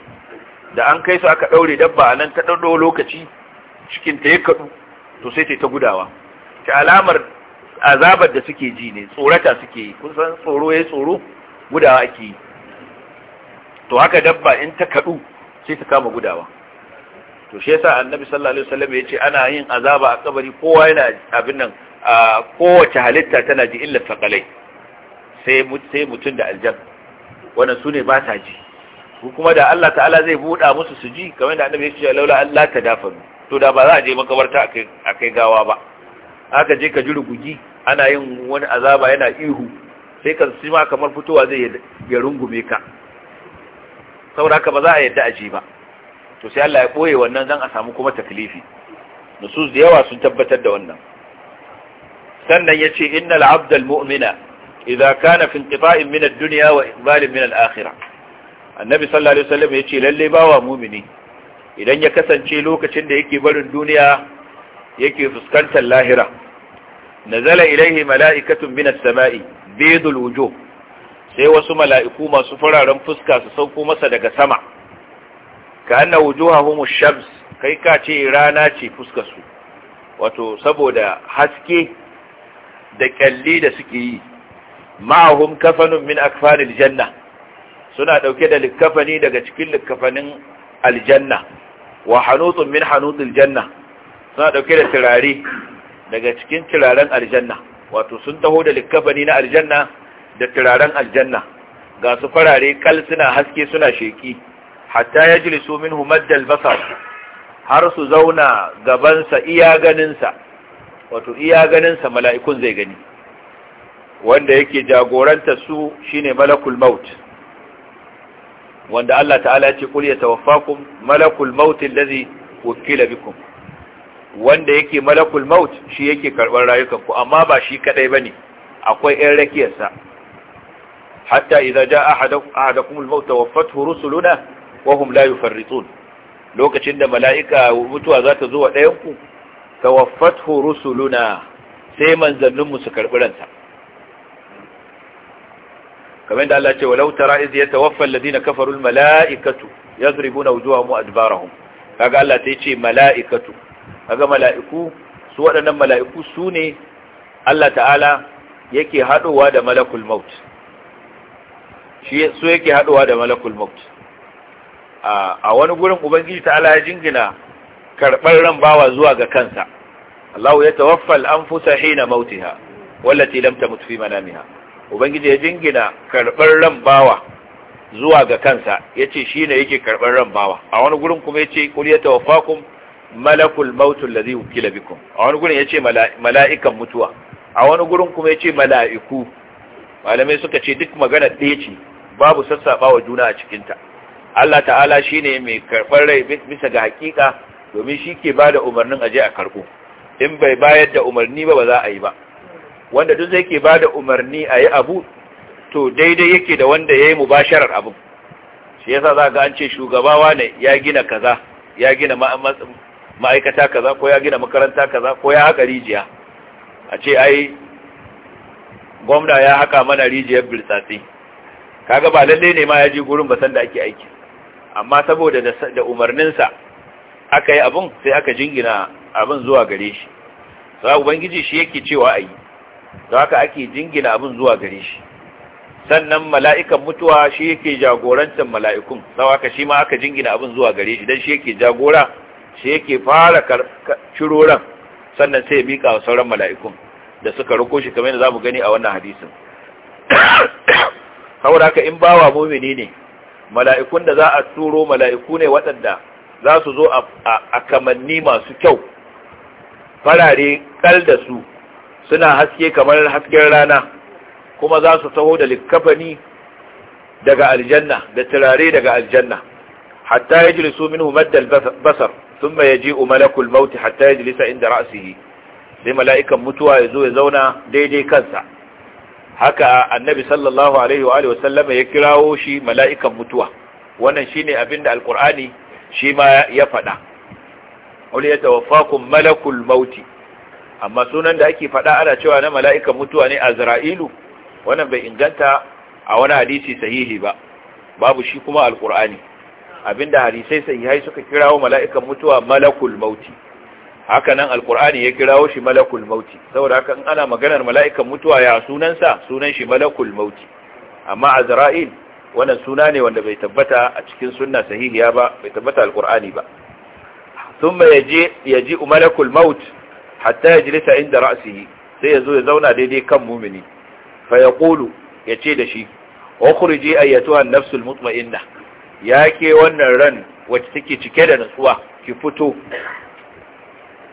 da an kai su aka ɗaure dabba a nan ta ɗaɗo lokaci cikin ta ya kaɗu, to sai ta gudawa. Ta alamar azabar da suke ji ne, tsorata suke yi, kun san tsoro ya tsoro, gudawa ake yi. to haka dabba in ta kadu sai ta kama gudawa to shi yasa annabi sallallahu alaihi wasallam ya ce ana yin azaba a kabari kowa yana abin nan kowace halitta tana ji illa sakalai sai sai mutun da aljan wannan sune ba ta ji kuma da Allah ta'ala zai buɗa musu su ji kamar da annabi ya ce laula Allah ta dafa to da ba za a je makabarta a kai gawa ba aka je ka ji rugugi ana yin wani azaba yana ihu sai ka sima kamar fitowa zai ya rungume ka saboda haka ba za a yadda a ba to sai Allah ya boye wannan zan a samu kuma taklifi nusus da yawa sun tabbatar da wannan sannan yace innal abdal mu'mina idza kana fi inqita'in min ad-dunya wa iqbalin min al-akhirah annabi sallallahu alaihi wasallam yace lalle bawa mu'mini idan ya kasance lokacin da yake barin duniya yake fuskantar lahira nazala ilaihi mala'ikatun min as-sama'i baydul wujuh sai wasu mala'iku masu fararen fuska su sauko masa daga sama ka anna wujuhahum shams kai ka ce rana ce fuskar su wato saboda haske da kyalli da suke yi ma'ahum kafanin min akfanil janna suna dauke da likafani daga cikin likafanin aljanna wa hanutun min hanutil janna suna dauke da turare daga cikin turaren aljanna wato sun taho da likafani na aljanna da turaren aljanna ga su farare kal suna haske suna sheki hatta yajlisu minhu maddal basar har su zauna gabansa iya ganinsa wato iya ganinsa mala'ikun zai gani wanda yake jagoranta su shine malakul maut wanda Allah ta'ala ce kul yatawaffakum malakul maut allazi wukila bikum wanda yake malakul maut shi yake karban rayukanku amma ba shi kadai bane akwai 'yan rakiyarsa hatta idza jaa ahadakum al-maut waffathu rusuluna wa hum la yufarritun lokacin da mala'ika mutuwa za ta zo wa ɗayan ku tawaffathu rusuluna sai manzannin mu su karbi ransa kamar da Allah ce walau tara iz yatawaffa alladhina kafaru al-mala'ikatu yadribuna wujuhahum wa adbarahum kaga Allah ta ce mala'ikatu kaga mala'iku su waɗannan mala'iku su ne Allah ta'ala yake haɗowa da malakul maut shi so yake haduwa da malakul maut a wani gurin ubangiji ta ala jingina karɓar ran bawa zuwa ga kansa Allahu ya tawaffal anfusa hina mautiha wallati lam tamut fi manamiha ubangiji ya jingina karɓar ran bawa zuwa ga kansa yace shine yake karɓar ran bawa a wani gurin kuma yace qul ya tawaffakum malakul maut alladhi wukila bikum a wani gurin yace mala'ikan mutuwa a wani gurin kuma yace mala'iku malamai suka ce duk magana ɗaya ce babu sassaɓa wa juna a cikinta Allah ta'ala shi ne mai karɓar rai bisa ga hakika domin shi ke ba da umarnin aje a karko. in bai bayar da umarni ba ba za a yi ba wanda duk zai ke ba umarni a yi abu to daidai yake da wanda ya yi mubasharar abin shi yasa za ga an ce shugabawa ne ya gina kaza ya gina ma'aikata kaza ko ya gina makaranta kaza ko ya haka rijiya a ce ai gwamna ya haka mana rijiyar birtsatsi kaga ba lalle ne ma ya je gurin ba sanda ake aiki amma saboda da umarninsa aka yi abin sai aka jingina abin zuwa gare shi sai ubangiji shi yake cewa ayi don haka ake jingina abin zuwa gare shi sannan mala'ikan mutuwa shi yake jagorantar mala'ikun sau haka shi ma aka jingina abin zuwa gare shi don shi yake jagora shi yake fara ciroran sannan sai ya miƙa wa sauran mala'ikun da suka riko shi kamar yadda za mu gani a wannan hadisin (coughs) saboda haka in bawa mumini ne mala'ikun da za a turo mala'iku ne waɗanda za su zo a kamanni masu kyau farare kal da su suna haske kamar hasken rana kuma za su taho da likkafani daga aljanna da turare daga aljanna hatta ya jilisu minhu maddal basar sun ma ya ji umalakul mauti hatta ya jilisa inda ra'asihi sai mala'ikan mutuwa ya zo ya zauna daidai kansa haka annabi sallallahu alaihi wa sallama ya kirawo shi mala'ikan mutuwa wannan shine abin da alqur'ani shi ma ya faɗa wani ya tawaffakum malakul mauti amma sunan da ake faɗa ana cewa na mala'ikan mutuwa ne azra'ilu wannan bai inganta a wani hadisi sahihi ba babu shi kuma alqur'ani abinda hadisai sahihai suka kirawo mala'ikan mutuwa malakul mauti Hakanan alkur'ani ya kirawo shi malakul mauti saboda haka in ana maganar mala'ikan mutuwa ya sunansa sunan shi malakul mauti amma azra'il wannan suna ne wanda bai tabbata a cikin sunna sahihiya ba bai tabbata alkur'ani ba thumma yaji yaji malakul maut hatta yajlisa inda ra'sihi sai yazo ya zauna daidai kan mumini fa yaqulu yace da shi ukhriji ayyatuha an-nafsul mutma'inna yake wannan ran wacce take cike da nutsuwa ki fito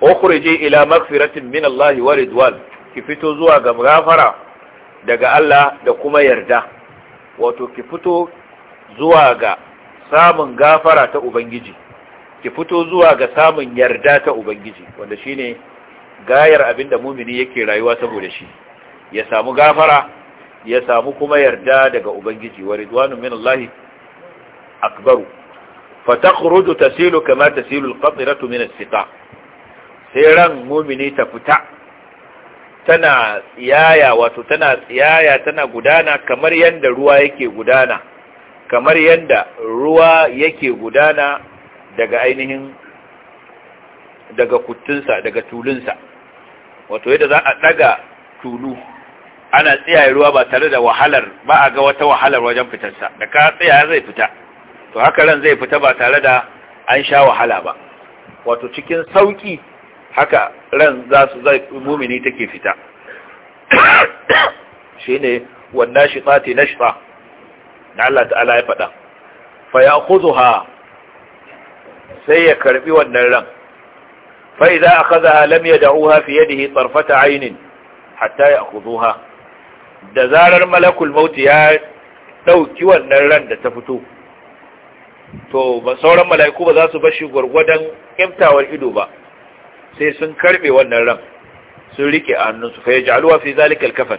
ukhriji ila maghfiratin min Allah wa ridwan ki fito zuwa ga gafara daga Allah da kuma yarda wato ki fito zuwa ga samun gafara ta ubangiji ki fito zuwa ga samun yarda ta ubangiji wanda shine gayar abinda mumini yake rayuwa saboda shi ya samu gafara ya samu kuma yarda daga ubangiji wa ridwanun min Allah akbaru فتخرج تسيل كما تسيل القطرة من السقاء sai ran mumini ta fita tana tsiyaya wato tana tsiyaya tana gudana kamar yadda ruwa yake gudana kamar yadda ruwa yake gudana daga ainihin daga kuttunsa daga tulunsa wato yadda za a daga tulu ana tsiyaye ruwa ba tare da wahalar ba a ga wata wahalar wajen fitarsa da ka tsiyaya zai fita to haka ran zai fita ba tare da an sha wahala ba wato cikin sauki haka ran za su zai mumini take fita shi (coughs) shine wannan shi nashta Na Allah ta'ala ya faɗa fa ha, sai ya karbi wannan ran a fa idza akhadha lam yad'uha fi yadihi tarfata 'aynin hatta ha. da zarar malakul maut ya ɗauki wannan ran da ta fito to ba sauran mala'iku ba za su bashi gurgurdan kimtawar ido ba sai sun karbe wannan ran sun rike a hannunsu fa yaj'aluha fi zalika al-kafan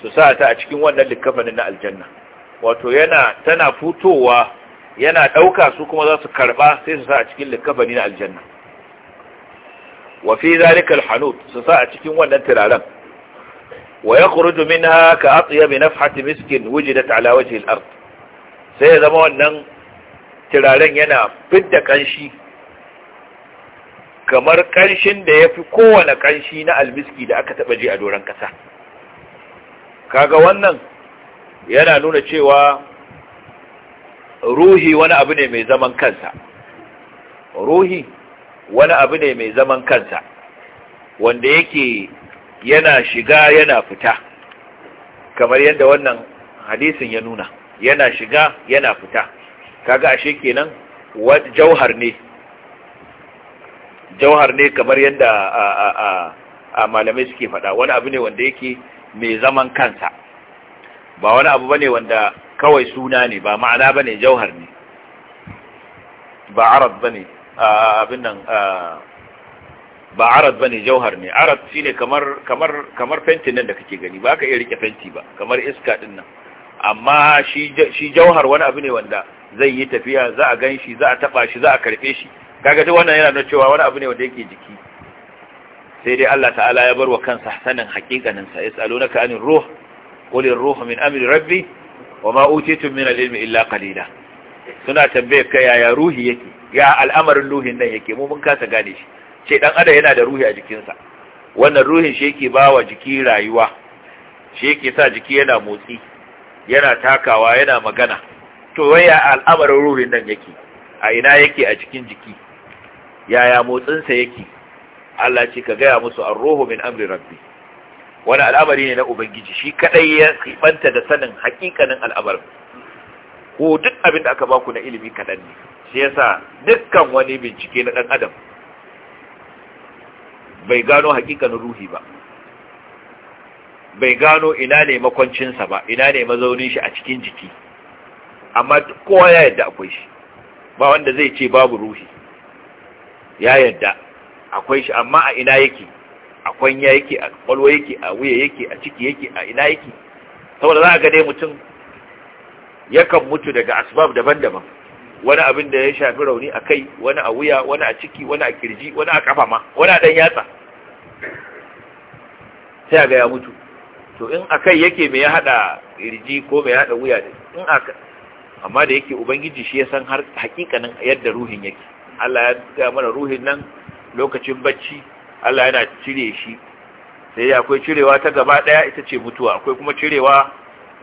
su sa ta a cikin wannan likafanin na aljanna wato yana tana futowa yana dauka su kuma za su karba sai su sa a cikin likafanin na aljanna wa fi zalika al-hanut su sa a cikin wannan turaren wa yakhruju minha ka atyab nafhat miskin wujidat ala wajhi al-ard sai zama wannan turaren yana fidda kanshi kamar ƙanshin da ya fi kowane ƙanshi na almiski da aka taɓa ji a doron ƙasa kaga wannan yana nuna cewa ruhi wani abu ne mai zaman kansa ruhi wani abu ne mai zaman kansa wanda yake yana shiga yana fita kamar yadda wannan hadisin ya nuna yana shiga yana fita kaga ashe kenan jauhar ne jauhar ne kamar yadda a malamai suke faɗa wani abu ne wanda yake mai zaman kansa ba wani abu bane wanda kawai suna ne ba ma'ana bane jauhar ne ba arab bane abin nan ba arab bane jauhar ne arab shine kamar kamar kamar fenti nan da kake gani ba ka iya rike fenti ba kamar iska din nan amma shi shi jauhar wani abu ne wanda zai yi tafiya za a ganshi za a taba shi za a karfe shi kaga duk wannan yana nuna cewa wani abu ne wanda yake jiki sai dai Allah ta'ala ya bar wa kansa sanin hakikanin sa yasalunaka anir ruh qulir ruhu min amri rabbi wama utitum min al-ilmi illa qalila suna tambaye ya yaya ruhi yake ya al'amarin ruhin nan yake mu mun kasa gane shi ce dan adam yana da ruhi a jikinsa wannan ruhin shi yake wa jiki rayuwa shi yake sa jiki yana motsi yana takawa yana magana to waya al'amarin ruhin nan yake a ina yake a cikin jiki yaya motsinsa yake Allah ce ka gaya musu an roho min amri rabbi wani al'amari ne na ubangiji shi kadai ya kibanta da sanin hakikanin al'amarin ko duk abin da aka baku na ilimi kadan ne shi yasa dukkan wani bincike na dan adam bai gano hakikanin ruhi ba bai gano ina ne makwancinsa ba ina ne mazaunin shi a cikin jiki amma kowa ya yadda akwai shi ba wanda zai ce babu ruhi ya yadda akwai shi amma a ina yake a kwanya yake a kwalwa yake a wuya yake a ciki yake a ina yake saboda za a ga dai mutum yakan mutu daga asbab daban-daban wani abin da ya shafi rauni a kai wani a wuya wani a ciki wani a kirji wani a kafa ma wani a dan yatsa sai ga ya mutu to in a kai yake mai ya hada kirji ko mai ya hada wuya da in a amma da yake ubangiji shi ya san har hakikanin yadda ruhin yake Allah ya gaya mana ruhin nan lokacin bacci Allah yana cire shi sai akwai cirewa ta gaba daya ita ce mutuwa akwai kuma cirewa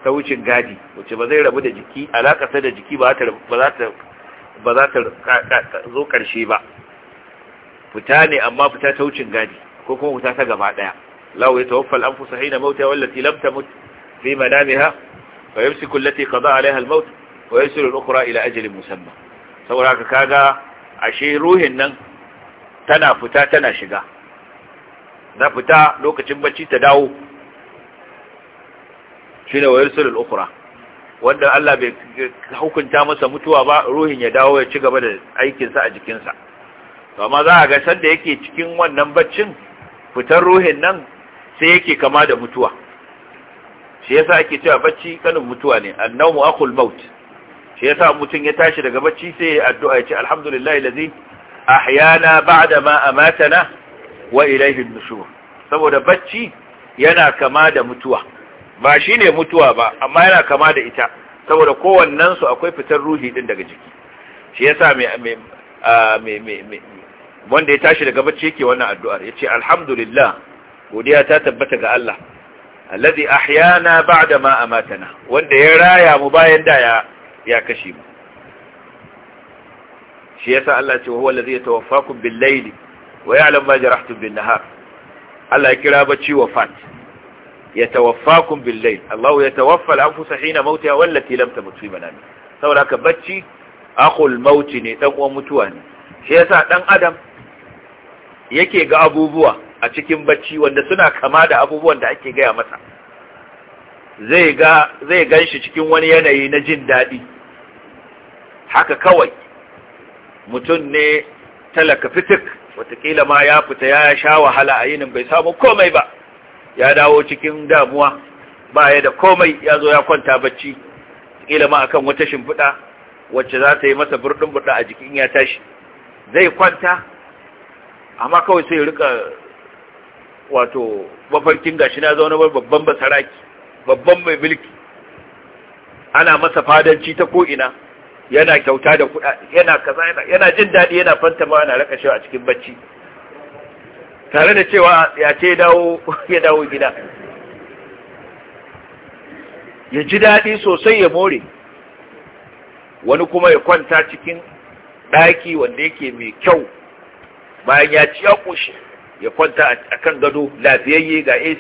ta wucin gadi wacce ba zai rabu da jiki sai da jiki ba za ta zo karshe ba fita ne amma fita ta wucin gadi ko kuma fita ta gaba daya lawo ya tawaffal an hina mauta wallati lam tamut fi manamiha fa yamsiku allati qada alaiha al wa yusiru al-ukhra ila ajalin musamma saboda haka kaga ashe ruhin nan tana fita tana shiga na fita lokacin bacci ta dawo shi ne wayar sulul ukura wanda Allah bai hukunta masa mutuwa ba ruhin ya dawo ya ci gaba da aikinsa a jikinsa to amma za a ga sanda yake cikin wannan baccin fitar ruhin nan sai yake kama da mutuwa shi yasa ake cewa bacci kanin mutuwa ne annawmu akul maut shi yasa mutum ya tashi daga bacci sai ya addu'a ya ce alhamdulillahi allazi ahyana ba'da ma amatana wa ilaihi nushur saboda bacci yana kama da mutuwa ba shine mutuwa ba amma yana kama da ita saboda kowannen su akwai fitar ruhi din daga jiki shi yasa mai mai wanda ya tashi daga bacci yake wannan addu'ar yace alhamdulillah godiya ta tabbata ga Allah alladhi ahyana ba'da ma amatana wanda ya raya mu bayan da ya ya kashe mu shi yasa Allah ce huwa allazi yatawaffakum bil layli wa ya'lam ma jarahtum bin nahar Allah ya kira bacci wafat yatawaffakum bil layl Allah yatawaffa al anfusa hina mautiha wallati lam tamut fi manami saboda haka bacci akul mauti ne dan uwan mutuwa ne shi yasa dan adam yake ga abubuwa a cikin bacci wanda suna kama da abubuwan da ake gaya masa zai ga zai ganshi cikin wani yanayi na jin daɗi haka kawai mutum ne talaka fitik watakila ma ya fita ya sha wahala a yinin bai samu komai ba ya dawo cikin damuwa ba ya da komai ya zo ya kwanta bacci kila ma akan wata shimfiɗa wacce za ta yi masa burɗin burɗa a jikin ya tashi zai kwanta amma kawai sai rika wato mafarkin gashi na zaune babban basaraki babban mai mulki ana masa fadanci ta ko'ina yana kyauta da kuɗaɗe yana kaza yana jin daɗi yana fantama yana rakashewa a cikin bacci tare da cewa ya ce dawo (laughs) ya dawo gida ya ji daɗi sosai ya more wani kuma ya kwanta cikin ɗaki wanda yake mai kyau bayan ya ci ya ƙoshi ya kwanta a kan gado lafiyayye ga AC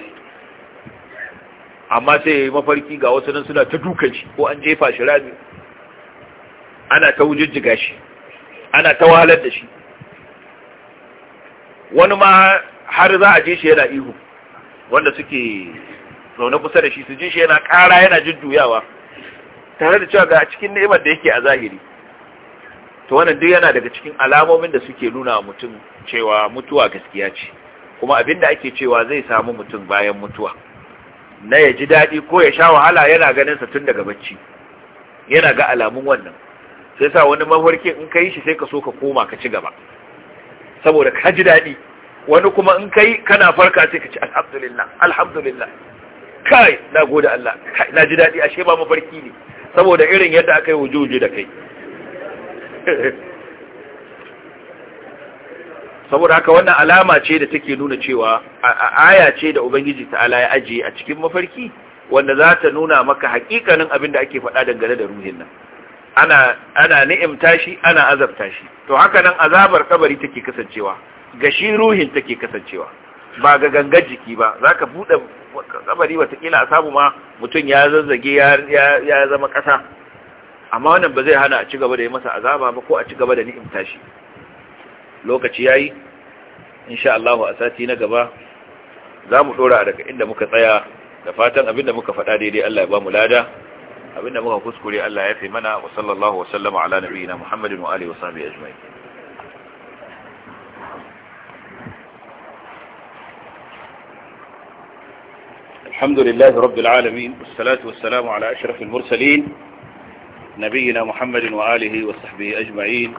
amma sai ya yi mafarki ga wasu nan suna ta dukanci ko an jefa shi rami ana ta wujujjiga shi ana ta wahalar da shi wani ma har za a je shi yana ihu wanda suke zaune kusa da shi su ji shi yana kara yana jujjuyawa tare da cewa ga cikin ni'imar da yake a zahiri to wannan duk yana daga cikin alamomin da suke nuna wa mutum cewa mutuwa gaskiya ce kuma abin da ake cewa zai samu mutum bayan mutuwa na ya ji daɗi ko ya sha wahala yana ganin sa tun daga bacci yana ga alamun wannan sai sa wani mafarki in ka yi shi sai ka so ka koma ka ci gaba saboda ka ji daɗi wani kuma in ka yi kana farka sai ka ci alhamdulillah alhamdulillah kai na gode Allah kai na ji daɗi ashe ba mafarki ne saboda irin yadda aka yi wuje-wuje da kai (laughs) saboda haka wannan alama ce da take nuna cewa aya ce da ubangiji ta'ala ya ajiye a cikin mafarki wanda za ta nuna maka hakikanin abin da ake faɗa dangane da ruhin nan ana ana ni'imta shi ana azabta shi to haka nan azabar kabari take kasancewa ga shi ruhin take kasancewa ba ga gangar jiki ba zaka buɗe kabari watakila a samu ma mutum ya zazzage ya zama kasa amma wannan ba zai hana a ci gaba da yi masa azaba ba ko a ci gaba da ni'imta shi lokaci yayi insha Allah a sati na gaba za mu dora daga inda muka tsaya da fatan abinda muka faɗa daidai Allah ya ba mu lada abinda muka kuskure Allah ya fi mana wa sallallahu wa sallama ala nabiyina Muhammadin wa alihi wa sahbihi ajma'in الحمد لله رب العالمين والصلاة والسلام على أشرف المرسلين نبينا محمد وآله وصحبه أجمعين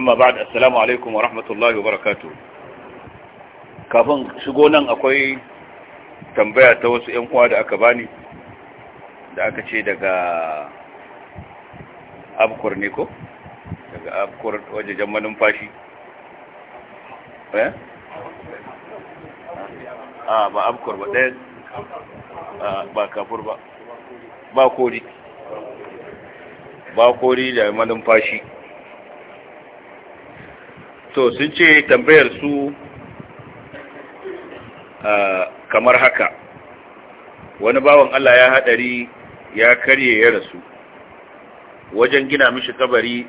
أما بعد السلام عليكم ورحمة الله وبركاته kafin shigo nan akwai tambaya ta wasu ‘yan uwa da aka bani da aka ce daga abkur ne ko daga abkur wajejen manumfashi eh a ba abkur ba ɗaya ba kafur ba ba kori ba kori da manumfashi to sun ce tambayar su kamar haka wani bawan Allah ya haɗari ya karye ya rasu wajen gina mishi kabari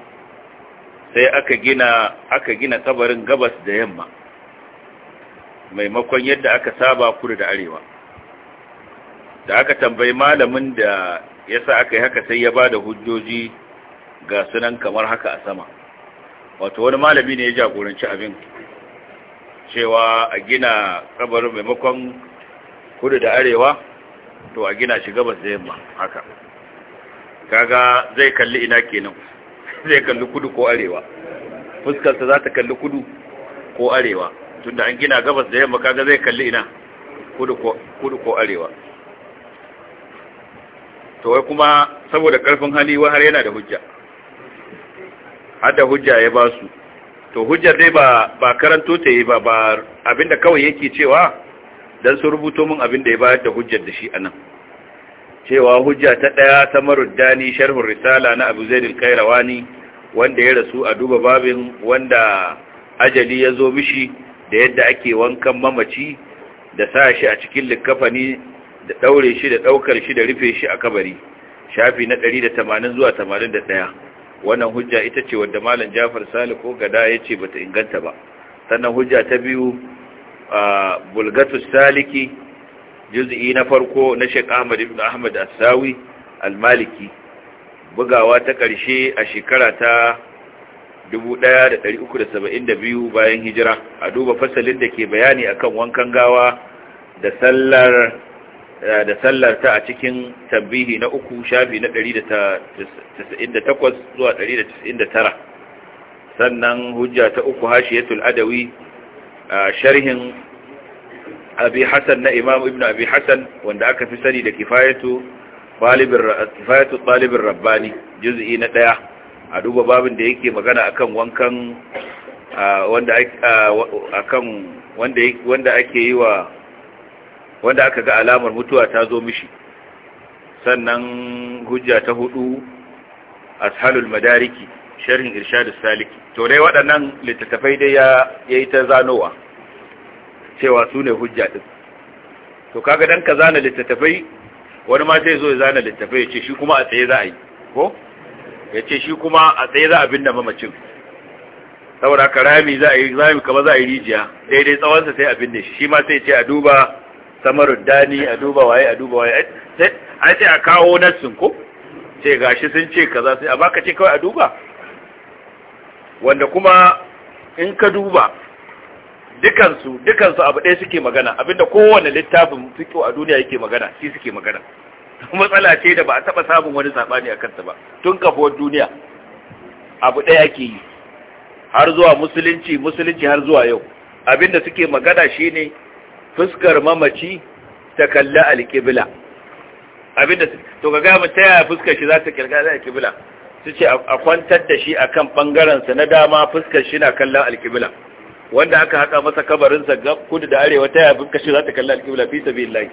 sai aka gina aka gina kabarin gabas da yamma maimakon yadda aka saba kudu da arewa da aka tambayi malamin da ya sa aka yi haka sai ya ba da hujjoji ga sunan kamar haka a sama wato wani malami ne ya jagoranci abin cewa a gina kabarin maimakon kudu da arewa to a gina shi gabas da yamma haka kaga zai kalli ina kenan (laughs) zai kalli kudu ko arewa fuskarsa za ta kalli kudu ko arewa tunda an gina gabas da yamma kaga zai kalli ina kudu ko arewa to wai kuma saboda karfin hali wa har yana da hujja Hada hujja ya ba su to hujjar dai ba ba karanto ta yi ba ba abinda kawai yake cewa dan su rubuto min abinda ya bayar da hujjar da shi anan cewa hujja ta daya ta maruddani sharhur risala na Abu Zaid al-Qayrawani wanda ya rasu a duba babin wanda ajali ya zo mishi da yadda ake wankan mamaci da sa shi a cikin likafani da daure shi da daukar shi da rufe shi a kabari shafi na 180 zuwa 81 wannan hujja ita ce wadda malam jafar sali ko gada ya ce bata inganta ba sannan hujja ta biyu a bulgatu saliki juz'i na farko na sheik ahmad ibn ahmad asawi almaliki bugawa ta ƙarshe a shekara ta 1372 bayan hijira a duba fasalin da ke bayani akan wankan gawa da sallar Eh, da sallarta a cikin tabbihi na uku shafi na 198 zuwa 199 sannan hujja ta uku hashiyatul adawi sharhin abi hasan na imam ibn abi hasan wanda aka fi sani da kifayatu kifayatu talibin rabbani juz'i na daya a duba babin da yake magana akan wankan wanda ake yi wa wanda aka ga alamar mutuwa ta zo mishi sannan hujja ta hudu ashalul madariki sharhin irshadus saliki to dai waɗannan littattafai dai ya yi ta zanowa cewa su ne hujja ɗin to kaga dan ka zana littattafai wani ma sai zo ya zana littattafai ya ce shi kuma a tsaye za a yi ko ya ce shi kuma a tsaye za a binne mamacin saboda ka rami za a yi rami kama za a yi rijiya daidai tsawonsa sai a binne shi shi ma sai ce a duba Samarin dani a duba waye a duba waye ai sai a kawo nassin ko ce gashi sun ce kaza sai a baka ce kawai a duba wanda kuma in ka duba dukansu dukansu abu ɗaya suke magana abinda kowane littafin fito a duniya yake magana shi suke magana matsala ce da ba a taɓa samun wani saɓani a kansa ba tun kafuwar duniya abu ɗaya ke yi har zuwa musulunci musulunci har zuwa yau abinda suke magana shine fuskar mamaci ta kalli alƙibla abinda to ga gama ta yaya fuskar shi za ta kirga da alƙibla su ce a kwantar da shi a kan ɓangarensa na dama fuskar shi na kallon alƙibla wanda aka haka masa kabarinsa ga kudu da arewa ta yaya fuskar shi za ta kalli alƙibla fi sabi lai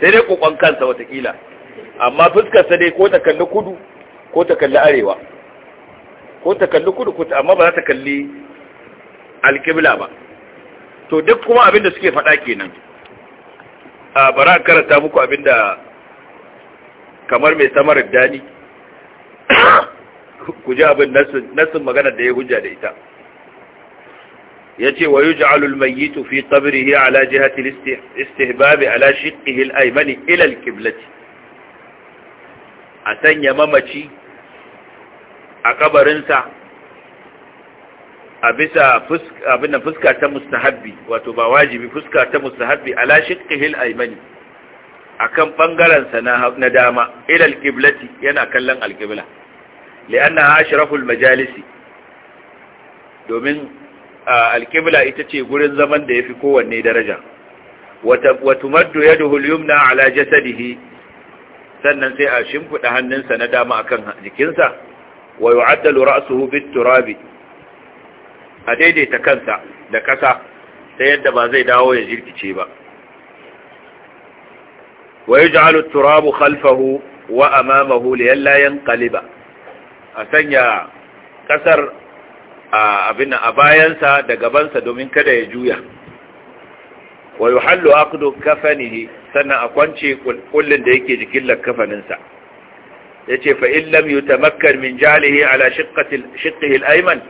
sai dai kokon kansa watakila amma sa dai ko ta kalli kudu ko ta kalli arewa ko ta kalli kudu ko ta amma ba za ta kalli alƙibla ba to duk kuma abin da suke faɗa kenan a bara karanta muku abin da kamar mai samar dani (coughs) ku ji abin nasin magana da ya hujja da ita ya ce wa yi ja'alul mayitu fi tsabirihi ala jihatil istihbabi ala shiɗihi ilal kiblati a sanya mamaci a kabarinsa a bisa abin da fuska ta mustahabbi wato ba wajibi fuska ta mustahabbi ala shiqqihil aymani akan bangaren sa na na dama ila alqiblati yana kallon alqibla li'anna ashraful majalisi domin alqibla ita ce gurin zaman da yafi kowanne daraja wa tumaddu yaduhu al ala jasadihi sannan sai a shimfida hannunsa na dama akan jikinsa wa yu'addalu ra'suhu bit turabi a daidaita kansa da ƙasa ta yadda ba zai dawo ya jirkice ba wa yaj'alu turabu khalfahu wa amamahu liyalla yanqaliba a sanya ƙasar abin a bayansa da gabansa domin kada ya juya wa yuhallu aqdu kafanihi sannan a kwance kullun da yake jikin lakafaninsa yace fa in yutamakkar yutamakkan min jalihi ala shiqqati shiqqihi al-ayman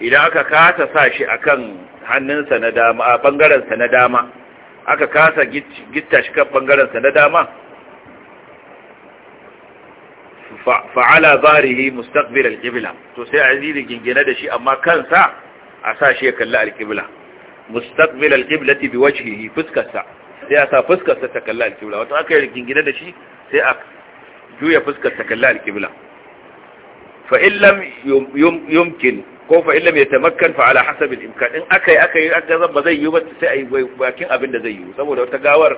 idan aka kasa sa shi a kan hannunsa na dama a ɓangarensa na dama aka kasa gita shi kan ɓangarensa na dama fa'ala zarihi mustaqbil al-qibla to sai azili gingina da shi amma kansa a sa shi ya kalli al-qibla mustaqbil al-qiblati biwajhihi fuskarsa sai a sa fuskarsa ta kalli al-qibla wato aka yi gingina da shi sai a juya fuskarsa kalli al-qibla fa in lam yumkin ko fa illam yatamakkan fa ala hasab al imkan in akai akai aka zan ba zai yi ba sai ai bakin abin da zai yi saboda wata gawar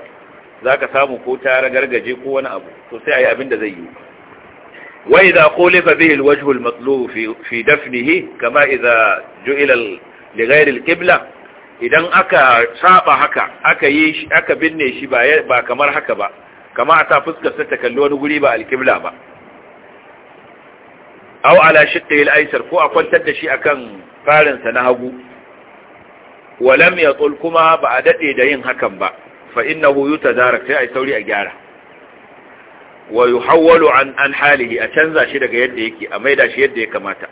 zaka samu ko ta ragargaje ko wani abu to sai ai abin da zai yi wa idza qulifa bihi al wajh al matlub fi fi dafnihi kama idza ju'ila li ghayr al qibla idan aka saba haka aka yi aka binne shi ba ba kamar haka ba kama a ta fuskar ta kalli wani guri ba al qibla ba Au ala shiqqi al-aysar ko a kwantar da shi akan farin sa na hagu walam yatul kuma ba a dade da yin hakan ba fa innahu yutadarak sai ai sauri a gyara wa yuhawwalu an an halihi a canza shi daga yadda yake a maida shi yadda ya kamata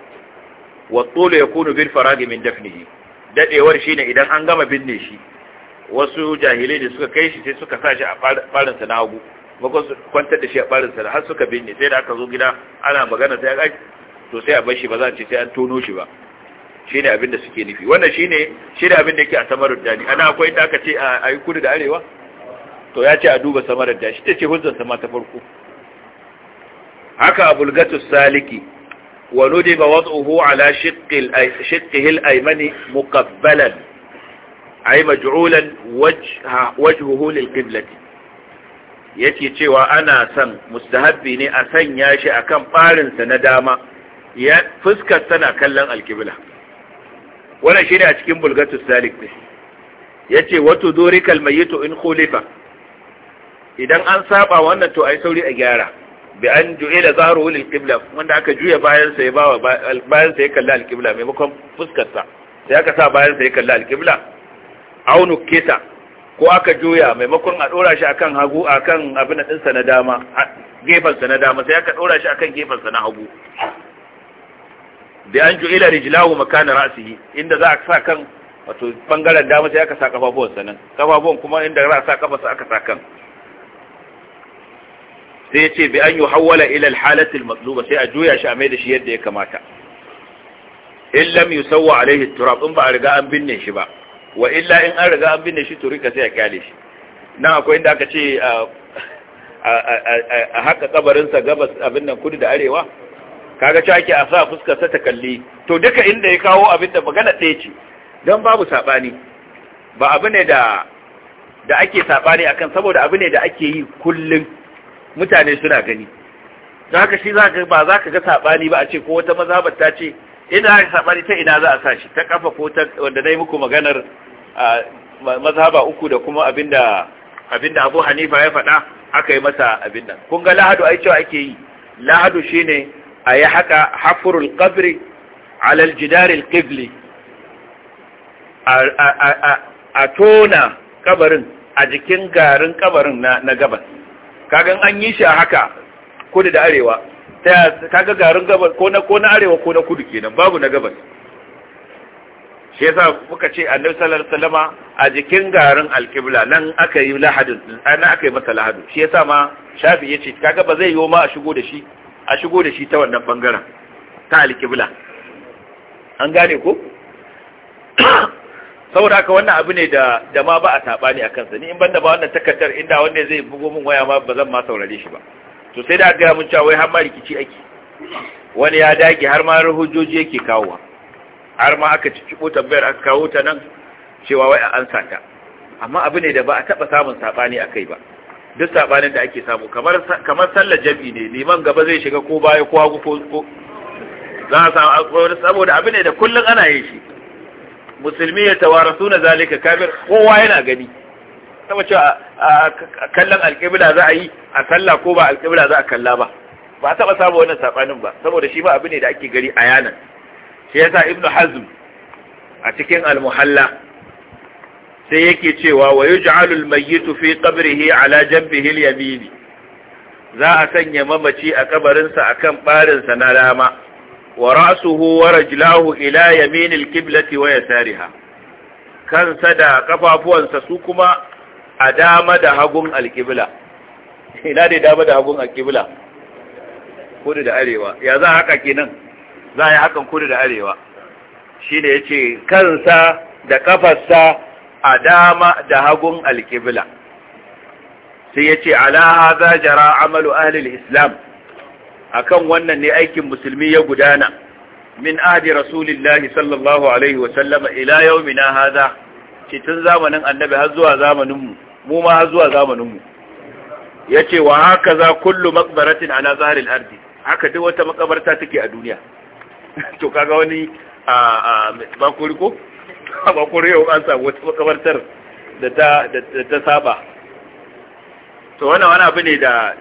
wa tul yakunu bil faragi min dafnihi dadewar shine idan an gama binne shi wasu jahilai da suka kai shi sai suka sa shi a farin sa na hagu makon su kwantar da shi a barin sa har suka binne sai da aka zo gida ana magana sai ai to sai a bar shi ba za a ce sai an tono shi ba shine abin da suke nufi wannan shine shine abin da yake a samarar dani ana akwai da aka ce a yi kudu da arewa to ya ce a duba samarar dani shi ta ce hujjar sama ta farko haka abulgatus saliki wa nudiba wad'uhu ala shiqqil shiqqihi al-aymani muqabbalan ay maj'ulan wajha wajhuhu lil-qiblati yake cewa ana son mustahabbi ne a sanya shi a kan ɓarinsa na dama ya fuskar tana kallon alkibla Wani shi ne a cikin bulgatus salik ne Ya ce wato dorikal mayitu in khulifa idan an saba wannan to a yi sauri a gyara bi an ju'ila zaruhu lil qibla wanda aka juya bayan sa ya bawa bayan ya kalla al maimakon fuskarsa, sai aka sa bayan sa ya kalla al qibla aunu kisa ko aka juya maimakon a dora shi akan hagu akan abin ɗinsa na dama gefen sa na dama sai aka dora shi akan sa na hagu da an ju'ila rijlahu makana ra'sihi inda za a sa kan wato bangaren dama sai aka sa kafafuwan sa nan kafafuwan kuma inda za a sa kafa sa aka sa kan sai ya ce bi an yuhawwala ila al-halati al-matluba sai a juya shi a mai da shi yadda ya kamata in lam yusawwa alaihi turab in ba a riga an binne shi ba wa illa in an riga an binne shi turika sai a kyale shi nan akwai inda aka ce a haka kabarinsa gabas abin nan kudu da arewa kaga cewa ake a sa fuskarsa ta kalli to duka inda ya kawo abin da magana ɗaya ce don babu saɓani ba abu ne da da ake saɓani akan. saboda abu ne da ake yi kullum mutane suna gani don haka shi ba za ka ga saɓani ba a ce ko wata maza ba ta ce Ina aka sabani ta ina za a sa shi ta kafa ko ta wanda dai muku maganar mazhaba uku da kuma abinda abinda Abu Hanifa ya faɗa aka yi masa abin kun ga lahadu ai cewa ake yi lahadu shine ayi haka hafrul qabri ala al-jidar al-qibli a tona ƙabarin a jikin garin kabarin na, na gabas kagan an yi shi a haka kudu da arewa ta kaga garin gabas ko na ko na arewa ko na kudu kenan babu na gabas shi yasa muka ce annabi sallallahu alaihi wasallama a jikin garin alqibla nan aka yi lahadin nan aka yi masa lahadu shi yasa ma shafi yace kaga ba zai yi ma a shigo da shi a shigo da shi ta wannan bangaren ta alqibla an gane ko (coughs) saboda haka wannan abu ne da da ma ba a tabani akan sa ni in banda ba wannan takardar inda wanne zai bugo min waya ma ba zan ma saurare shi ba to sai da gaya mun cewa wai har ma rikici ake wani ya dage har ma hujjoji yake kawo har ma aka cikibo tambayar aka kawo ta nan cewa wai an sata amma abu ne da ba a taba samun sabani akai ba duk sabanin da ake samu kamar kamar sallar jami'i ne liman gaba zai shiga ko baya ko hagu ko za a samu saboda abu ne da kullun ana yin shi musulmi ya tawarasu na zalika kafir kowa yana gani sama cewa kallon alƙibla za a yi a kalla ko ba alƙibla za a kalla ba ba taɓa samu wannan saɓanin ba saboda shi ba abu ne da ake gari a yanan shi yasa ibnu hazm a cikin al-muhalla sai yake cewa wa yuj'alu al-mayyitu fi qabrihi ala janbihi yamini za a sanya mamaci a kabarinsa a akan ɓarinsa na dama wa ra'suhu wa rajlahu ila yaminil kiblati waya wa yasariha kansa da kafafuwansa su kuma a dama da hagun alƙibla ina ne dama da hagun alƙibla kudu da arewa ya za a haka kenan za a yi hakan kudu da arewa shi ne ya ce kansa da kafarsa a dama da hagun alƙibla sai ya ce alaha za jara amalu ahlil islam akan wannan ne aikin musulmi ya gudana min adi rasulillahi sallallahu alaihi wa sallama ila yaumina hadha ce tun zamanin annabi har zuwa zamanin mu mu ma har zuwa zamaninmu ya ce wa haka za kullu makbaratin ala nazarin ardi haka duk wata makabarta take a duniya (laughs) to kaga wani a bakuri ko (laughs) bakuri yau an samu wata makabartar da ta saba to wannan wani abu ne da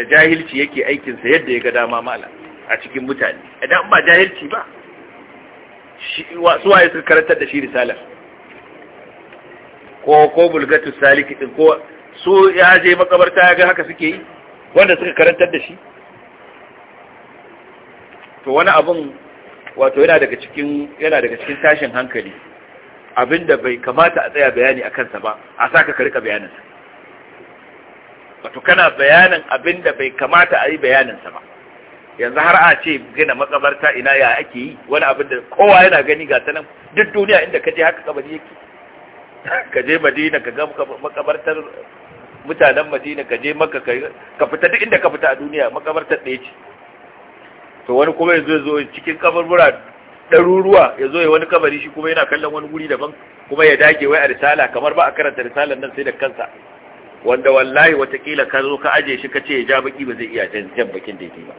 da jahilci yake aikinsa yadda ya ga dama mala a cikin mutane idan ba jahilci ba su waye suka karantar da shi risalar ko ko bulgatu saliki din ko su ya je makabarta ya ga haka suke yi wanda suka karantar da shi to wani abun wato yana daga cikin yana daga cikin tashin hankali abinda bai kamata a tsaya bayani a kansa ba a saka ka rika bayanin wato kana bayanin abinda bai kamata a yi bayanin sa ba yanzu har a ce gina makabarta ina ya ake yi wani abin da kowa yana gani ga sanan duk duniya inda kaje haka kabari yake ka je madina ka ga makabartar mutanen madina ka je maka ka fita duk inda ka fita a duniya makabartar ɗaya ce to wani kuma ya zo cikin kaburbura ɗaruruwa ya zo ya wani kabari shi kuma yana kallon wani guri daban kuma ya dage wai a risala kamar ba a karanta risalar nan sai da kansa wanda wallahi watakila ka zo ka aje shi ka ce ya ja baki ba zai iya jan bakin daidai ba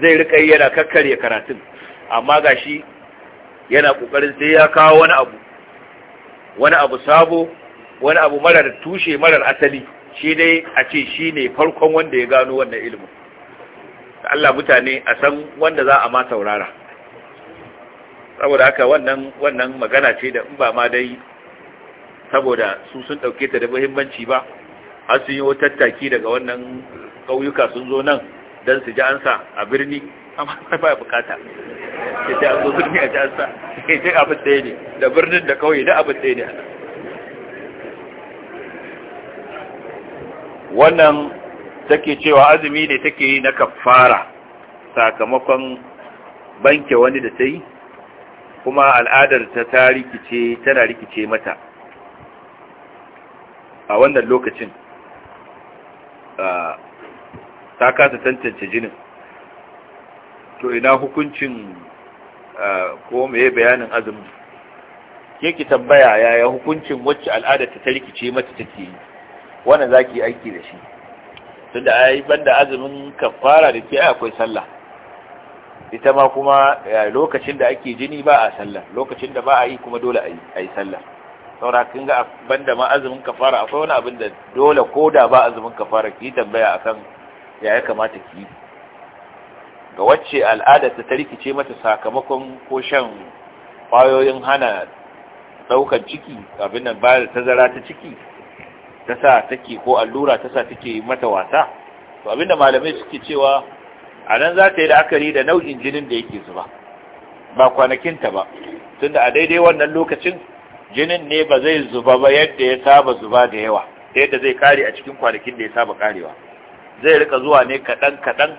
zai rika yi yana kakkarya karatun amma gashi yana kokarin sai ya kawo wani abu wani abu sabo wani abu marar tushe marar asali shi dai a ce shi ne farkon wanda ya gano wannan ilimin Allah mutane a san wanda za a ma saurara saboda haka wannan wannan magana ce da in ba ma dai saboda su sun dauke ta da muhimmanci ba har sun yi tattaki daga wannan ƙauyuka sun zo nan don su ji ansa a birni amma sai ba bukata ya ce a zo birni a jasa ya ce abin ɗaya ne da birnin da kawai da abin ɗaya ne wannan take cewa azumi ne take yi na kafara sakamakon banke wani da ta yi kuma al'adar ta ta rikice tana rikice mata a wannan lokacin ah, ta kasa tantance jinin to ina hukuncin ko meye bayanin azumi yake tambaya yaya hukuncin wacce al'ada ta rikice mata take yi wannan zaki aiki da shi tunda ai banda azumin kafara da ke akwai sallah ita ma kuma lokacin da ake jini ba a sallah lokacin da ba a yi kuma dole a yi sallah saura kin ga banda ma azumin kafara akwai wani abin da dole koda ba azumin kafara ki tambaya akan yaya ya kamata ki yi ga wacce al'ada ta rikice mata sakamakon ko shan kwayoyin hana ɗaukar ciki abin nan ba tazara ta ciki ta sa take ko allura ta sa take mata wasa to abin da malamai suke cewa a nan za ta yi la'akari da nau'in jinin da yake zuba ba kwanakinta ba tunda a daidai wannan lokacin jinin ne ba zai zuba ba yadda ya saba zuba da yawa yadda zai kare a cikin kwanakin da ya saba karewa zai rika zuwa ne kaɗan kaɗan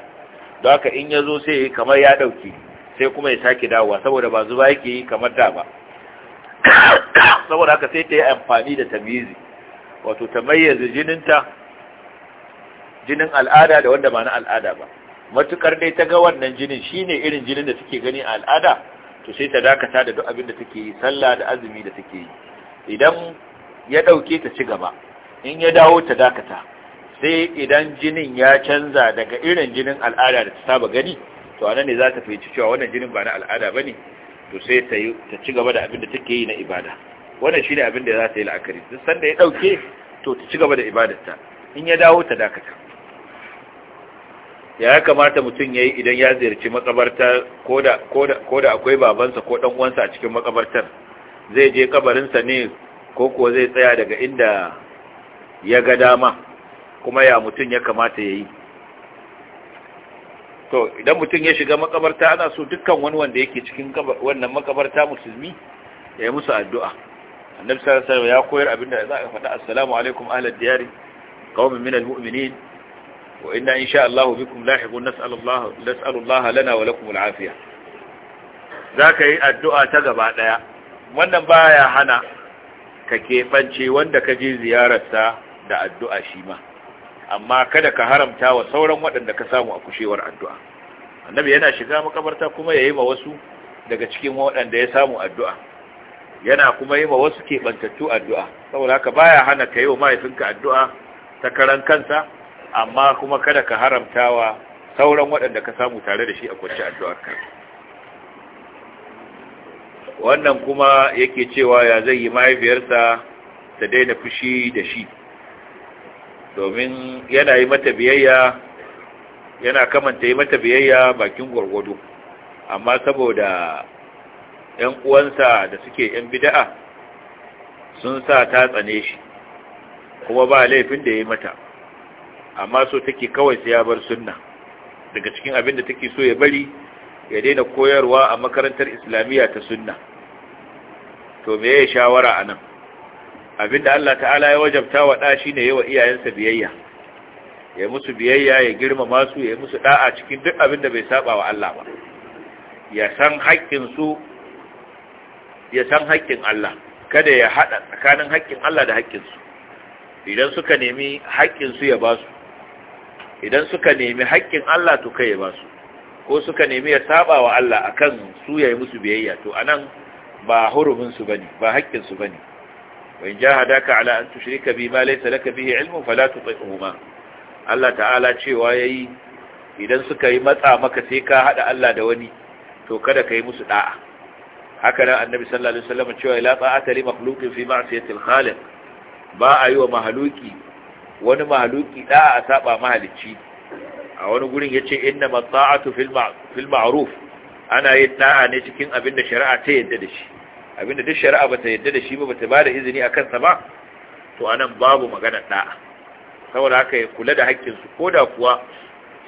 don haka in ya zo sai ya yi kamar ya dauki sai kuma ya sake dawowa saboda ba zuba yake yi kamar da ba (coughs) saboda haka sai ta yi amfani da tamizi wato ta mayyaza jininta jinin al'ada da wanda ba na al'ada ba matukar dai ta ga wannan jinin shi ne irin jinin da suke gani a al'ada to sai ta dakata da duk abin da take yi sallah da azumi da take yi idan ya dauke ta ci gaba in ya dawo ta dakata sai idan jinin ya canza daga irin jinin al'ada da ta saba gani to anan ne za ta fahimci cewa wannan jinin ba na al'ada ba ne to sai ta ci gaba da abin da take yi na ibada wannan shi ne abin da za ta yi la'akari duk sanda ya ɗauke to ta ci gaba da ibadarta in ya dawo ta dakata ya kamata mutum ya yi idan ya ziyarci makabarta ko da akwai babansa ko dan uwansa a cikin makabartar zai je kabarinsa ne ko kuwa zai tsaya daga inda ya ga dama kuma ya mutum ya kamata ya yi to idan mutum ya shiga makabarta ana so dukkan wani wanda yake cikin wannan makabarta musulmi ya yi musu addu'a annabi sallallahu ya koyar abinda za a faɗa assalamu alaikum ahlal diyari qaumin minal mu'minin wa inna insha Allah bikum lahiqun nas'alullah lana wa lakum al'afiya zaka yi addu'a ta gaba ɗaya wannan baya hana ka keɓance wanda ka je ziyararsa da addu'a shi ma amma kada ka haramta wa sauran waɗanda ka samu a kushewar addu'a annabi yana shiga makabarta kuma ya yi ma wasu daga cikin waɗanda ya samu addu'a yana kuma yi ma wasu keɓantattu addu'a saboda haka baya hana ka yi wa mahaifinka addu'a ta karan kansa amma kuma kada ka haramta wa sauran waɗanda ka samu tare da shi a kwanci addu'ar wannan kuma yake cewa ya zai yi mahaifiyarsa ta daina fushi da shi domin yana yi mata biyayya yana kamanta yi mata biyayya bakin gwargwado amma saboda ‘yan uwansa da suke ‘yan bida'a sun sa ta tsane shi kuma ba laifin da ya yi mata amma so take kawai sai ya bar sunna daga cikin abin da take so ya bari ya daina koyarwa a makarantar islamiyya ta sunna to me ya shawara a nan abinda Allah ta'ala ya wajabta wa ɗa yi yawa iyayensa biyayya ya musu biyayya ya girmama su ya musu da'a cikin duk abinda bai saba wa Allah ba ya san haƙƙin su ya san haƙƙin Allah kada ya hada tsakanin haƙƙin Allah da haƙƙin su idan suka nemi haƙƙin su ya ba su idan suka nemi haƙƙin Allah to kai ya ba su ko suka nemi ya saba wa Allah akan su ya yi musu biyayya to anan ba hurumin su bane ba haƙƙin su bane wa in jahadaka ala an tushrika bi ma laysa laka bihi ilmun fala tuti'huma Allah ta'ala cewa yayi idan suka yi matsa maka sai ka hada Allah da wani to kada kai musu da'a haka nan annabi sallallahu alaihi wasallam cewa la ta'ata li makhluqin fi ma'siyati khaliq ba a yi wa mahaluki wani mahaluki da'a a saba mahalicci a wani gurin ya ce inna matsa'atu fil ma'ruf ana yin da'a ne cikin abin da shari'a ta yadda da shi abinda duk shari'a bata yadda da shi ba bata da izini a kansa ba to anan babu magana da'a saboda haka ya kula da haƙƙinsu. su koda kuwa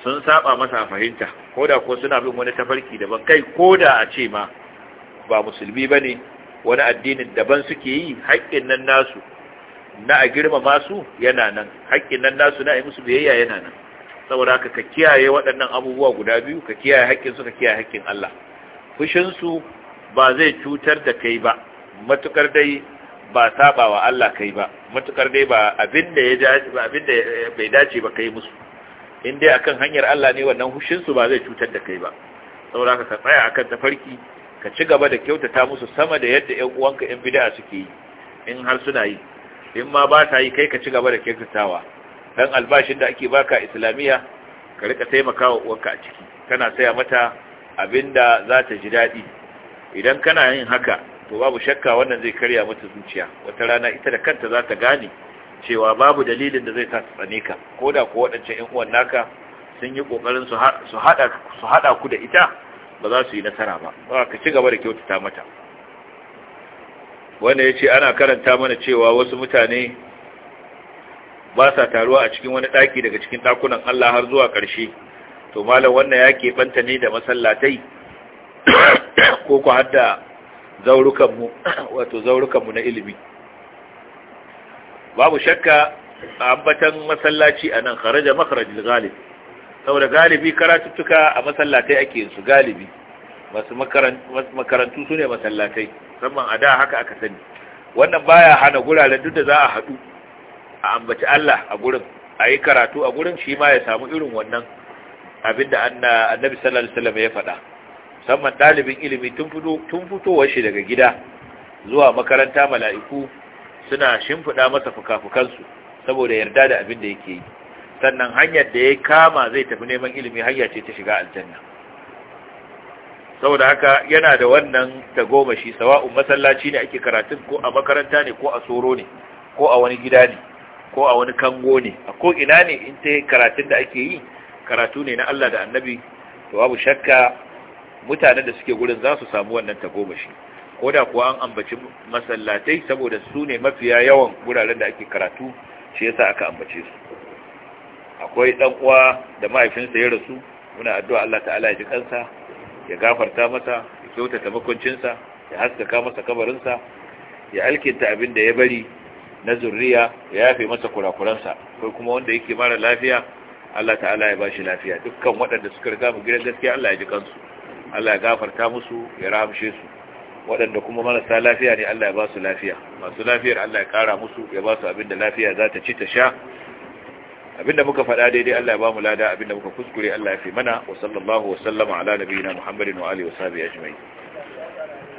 sun saba masa fahimta koda kuwa suna bin wani tafarki daban kai koda a ce ma ba musulmi bane wani addinin daban suke yi haƙƙin nan nasu na a girmama su yana nan haƙƙin nan nasu na a yi musu biyayya yana nan saboda haka ka kiyaye waɗannan abubuwa guda biyu ka kiyaye haƙƙin ka kiyaye haƙƙin Allah fushin ba zai cutar da kai ba matukar dai ba saba wa Allah kai ba matukar dai ba abinda ya dace ba da bai dace ba kai musu in dai akan hanyar Allah ne wannan hushin su ba zai cutar da kai ba saboda ka tsaya akan tafarki ka ci gaba da kyautata musu sama da yadda ƴan uwanka ƴan bid'a suke yi in har suna yi in ma ba ta yi kai ka ci gaba da kyautatawa dan albashin da ake baka islamiya ka rika taimakawa uwanka a ciki kana saya mata abinda za ta ji daɗi idan kana yin haka to babu shakka wannan zai karya mata zuciya wata rana ita da kanta za ta gane cewa babu dalilin da zai ta tsane ka ko da ko waɗancan 'yan uwan naka sun yi ƙoƙarin su haɗa su haɗa ku da ita ba za su yi nasara ba ba ka ci gaba da kyautata mata wanda ya ce ana karanta mana cewa wasu mutane ba sa taruwa a cikin wani ɗaki daga cikin ɗakunan Allah har zuwa ƙarshe to malam wannan ya keɓanta ne da masallatai ko ku hadda zaurukanmu wato zaurukanmu na ilimi babu shakka ambatan masallaci a nan kharaja makharajil galibi saboda galibi karatuttuka a masallatai ake su galibi masu makarantu su ne masallatai musamman a da haka aka sani wannan baya hana guraren duk da za a haɗu a ambaci Allah a gurin a yi karatu a gurin shi ma ya samu irin wannan abinda annabi sallallahu alaihi wasallam ya faɗa musamman ɗalibin ilimi tun fitowar shi daga gida zuwa makaranta mala'iku suna shimfiɗa masa fuka-fukansu saboda yarda da abin da yake yi sannan hanyar da ya kama zai tafi neman ilimi hanya ce ta shiga aljanna saboda haka yana da wannan tagomashi sawa'un masallaci ne ake karatun ko a makaranta ne ko a soro ne ko a wani gida ne ko a wani kango ne a ko ina ne in ta karatun da ake yi karatu ne na Allah da annabi to babu shakka mutanen da suke gurin za su samu wannan tagomashi ko da kuwa an ambaci masallatai saboda su ne mafiya yawan wuraren da ake karatu shi yasa aka ambace su akwai dan uwa da mahaifinsa ya rasu muna addu'a Allah ta'ala ya ji kansa ya gafarta masa ya kyautata sa ya haskaka masa kabarinsa ya alkinta abin da ya bari na zurriya ya yafe masa kurakuransa kai kuma wanda yake mara lafiya Allah ta'ala ya bashi lafiya dukkan waɗanda suka riga mu gidan gaskiya Allah ya ji kansu Allah ya gafarta musu ya rahamshe su waɗanda kuma marasa lafiya ne Allah ya ba su lafiya masu lafiyar Allah ya kara musu ya ba su abinda lafiya za ta ci ta sha abinda muka faɗa daidai Allah ya ba mu lada abinda muka kuskure Allah ya fi mana wa sallallahu wa sallama ala nabiyina Muhammadin wa alihi wa sahbihi ajma'in